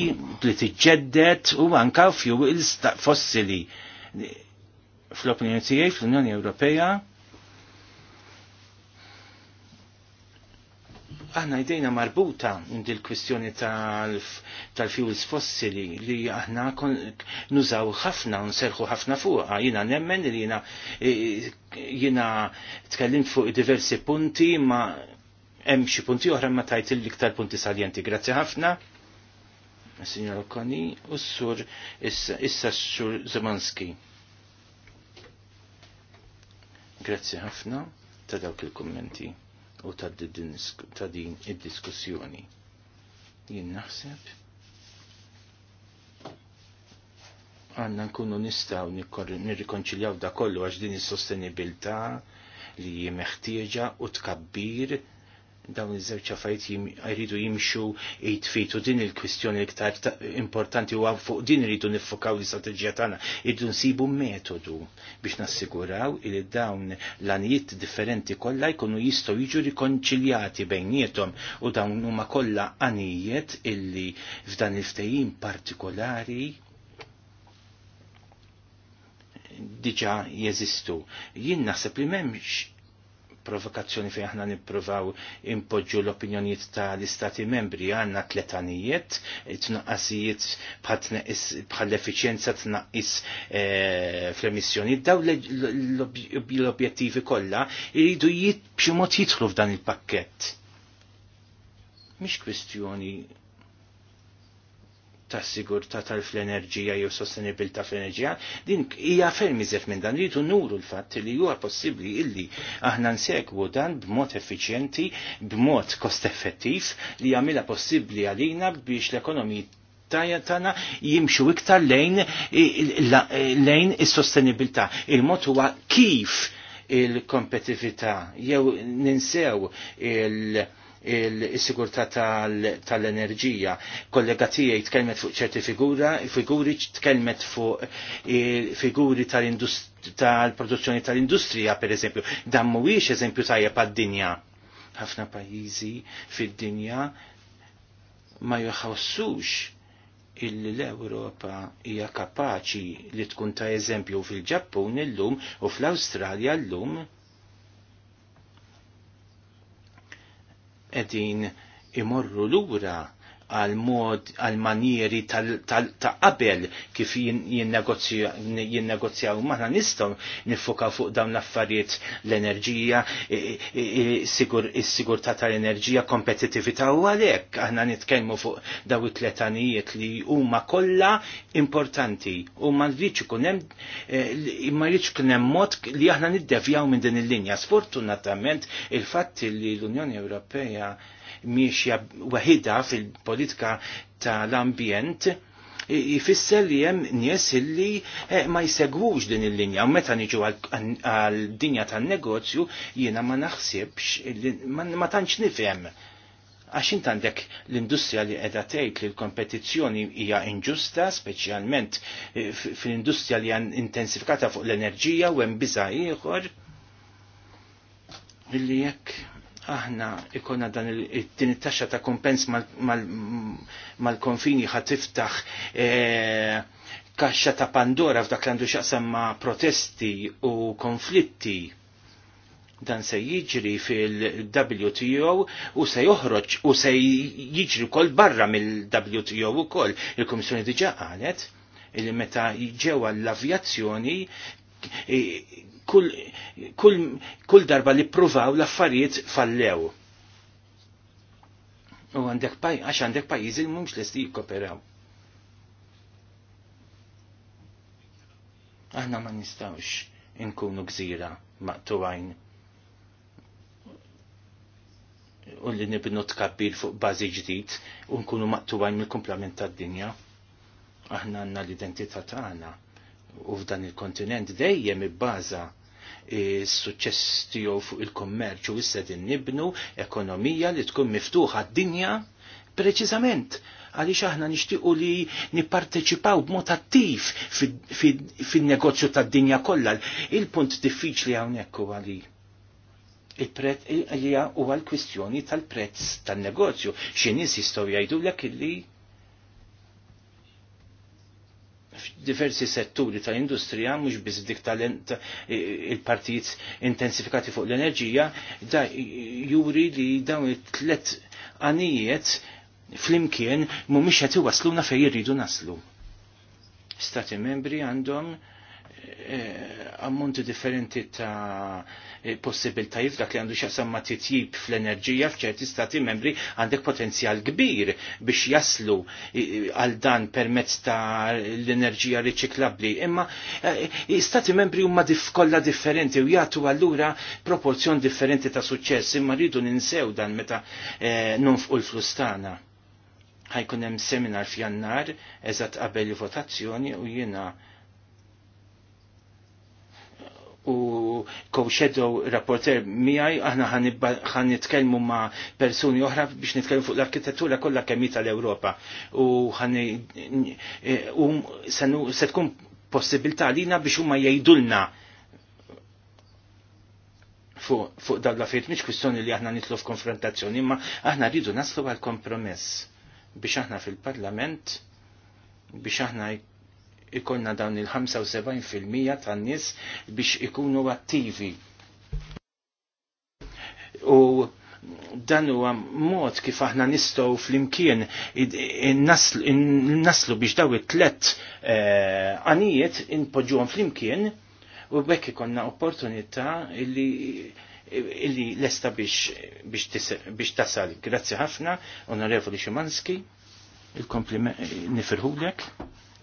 li tiġġeddet u fjuq il fossili. Fl-opinjoni tijaj fl-Unjoni Ewropea aħna jdejna marbuta dil kwistjoni tal-fuels fossili li aħna nużaw ħafna, serħu ħafna fuqa. Jina nemmen li jina, e, jina tkellim fuq diversi punti ma hemm xi punti oħra ma tajt l-iktar punti saljenti. Grazzi ħafna. Signor Koni, u s-sur issa s-sur Zemanski. Grazzi ħafna ta' dawk il-kommenti u ta' din id-diskussjoni. Jien naħseb għanna nkunu nistaw nirrikonċiljaw da kollu għax din is-sostenibilità li meħtieġa u tkabbir dawn iż-żewġ affarijiet jridu jimxu jitfitu din il-kwistjoni iktar importanti u fuq din iridu niffokaw l-istrateġija tagħna, iridu nsibu metodu biex nassiguraw li dawn l-anijiet differenti kollha jkunu jistgħu jiġu rikonċiljati bejniethom u dawn huma kollha anijiet illi f'dan il-ftehim partikolari diġa jeżistu. Jien naħseb li memx provokazzjoni fejn aħna nippruvaw impoġġu l-opinjonijiet tal-istati membri għandna tletanijiet, tnaqqasijiet bħal effiċjenza tnaqqis eh, fl-emissjoni. Daw l-objettivi kollha jridu b'xi mod jidħlu f'dan il-pakkett. Mhix kwestjoni ta' sigurta tal-fl-enerġija jew ta' fl-enerġija, din hija fermi iżef minn dan rridu nuru l-fatt li huwa possibbli illi aħna nsegwu dan b'mod effiċjenti, b'mod kost effettiv li jagħmilha possibbli għalina biex l-ekonomija tagħna jimxu iktar lejn lejn is-sostenibilità. Il-mod huwa kif il-kompetitività jew ninsew il-, -il il-sigurta tal-enerġija. Kollega tiegħi tkellmet fuq ċerti figura, figuri tkellmet fuq eh, figuri tal-produzzjoni tal-industrija, per eżempju. Dan mhuwiex eżempju tajjeb għad-dinja. Ħafna pajjiżi fid-dinja ma jħossux illi l-Europa hija kapaċi li tkun ta' eżempju fil-Ġappun illum u fl-Awstralja llum edin imorru l-ura għal mod għal manieri ta' qabel kif jinnegozjaw maħna nistgħu nifuka fuq dawn l-affarijiet l-enerġija, is-sigurtà tal-enerġija, kompetitività u għalhekk aħna nitkellmu fuq daw it-tletanijiet li huma kollha importanti u ma rridx ikun hemm eh, ma rridx ikun hemm mod li aħna niddevjaw minn din il-linja. Sfortunatament il-fatt li l-Unjoni Ewropea miexja waħida fil-politika tal-ambjent jifisser li jem njess li eh, ma jsegwux din il-linja. U meta niġu għal-dinja tal-negozju, jiena ma naħsibx, ma tantx nifhem. Għax int għandek l-industrija li qiegħda tgħid li l-kompetizzjoni hija inġusta, speċjalment eh, fl-industrija li għan intensifikata fuq l-enerġija u hemm biża' ieħor illi jekk aħna ikonna dan din it-taxxa ta' kompens mal-konfini ħa tiftaħ e, kaxxa ta' Pandora f'dak l għandu xaqsam ma' protesti u konflitti dan se jiġri fil-WTO u se joħroġ u se jiġri kol barra mill-WTO u kol. Il-Komissjoni diġa qalet il-meta ġewa l-avjazzjoni kull, kull, kull darba li provaw l-affarijiet fallew. U għandek paj, għax għandek pajizi li l lesti jikkoperaw. Aħna ma nistawx inkunu gżira maqtuwajn u li nibnu tkabbir fuq bażi ġdid u nkunu maqtuwajn mill-kumplament tad-dinja. Aħna għandna l-identità tagħna u f'dan il-kontinent dejjem ibbaża il suċċess tiegħu fuq il-kummerċ u issa din nibnu ekonomija li tkun miftuħa d-dinja preċiżament għaliex aħna nixtiequ li nipparteċipaw b'mod attiv fin-negozju tad-dinja kollha. Il-punt diffiċli hawnhekk huwa li il-prezz huwa l-kwistjoni tal-prezz tan-negozju. Xi nies jistgħu jgħidu lek illi f'diversi setturi tal-industrija mhux biss dik tal-partijiet intensifikati fuq l-enerġija, da juri li dawn it-tlet għanijiet flimkien mhumiex qed na fejn irridu naslu. Stati membri għandhom Eh, ammonti differenti ta' eh, possibiltajiet dak li għandu xaqsam ma' titjib fl-enerġija f'ċerti stati membri għandek potenzjal kbir biex jaslu eh, għal dan permezz ta' l-enerġija riċiklabli. Imma stati membri huma kollha differenti u jagħtu allura proporzjon differenti ta' suċċess imma rridu ninsew dan meta non fuq il-flus Ħajkun hemm seminar f'jannar eżatt qabel il-votazzjoni u jiena u co-shadow rapporter miħaj, aħna ħan nitkelmu ma persuni oħra biex nitkelmu fuq l-arkitettura kollha kemmi tal-Ewropa. U ħan u se tkun possibilità lina biex huma jgħidulna fuq fu dawn l-affarijiet kwistjoni li aħna nitlu f'konfrontazzjoni, imma aħna rridu naslu għal kompromess biex aħna fil-Parlament biex aħna ikonna dawn il-75% tan-nies biex ikunu attivi. U dan huwa mod kif aħna nistgħu flimkien naslu biex daw it-tlet eh, għanijiet inpoġġuhom flimkien u bekk ikonna opportunità illi illi lesta biex tasal. Grazzi ħafna, Onorevoli Ximanski, il-kompliment nifirħulek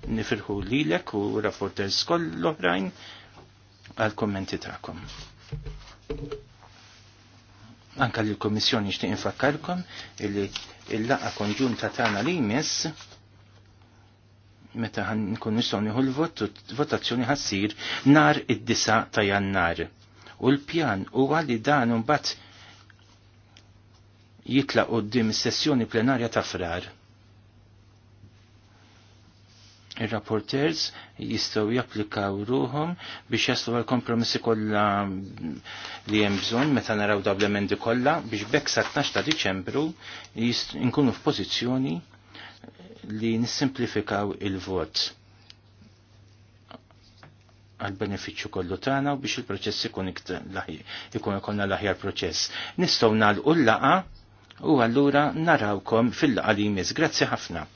nifirħu lilek u rapporters koll l-oħrajn għal-kommenti ta'kom. Anka li l-Komissjoni xtiq infakkarkom illi il-laqa konġunta tagħna li jmiss meta nkun nistgħu nieħu l-votazzjoni ħassir nar id-disa ta' jannar. U l-pjan huwa li dan imbagħad jitlaq qudiem is-sessjoni plenarja ta' frar il-rapporters jistaw japplikaw ruħom biex jaslu għal kompromissi kollha li hemm bżonn meta naraw dablemendi kollha biex bekk sa 12 ta' Diċembru nkunu f'pożizzjoni li nissimplifikaw il-vot għal beneficju kollu tagħna u biex il-proċess ikun ikun ikollna l-aħjar proċess. Nistgħu nagħlqu l-laqa u allura narawkom fil-laqa li jmiss. Grazzi ħafna.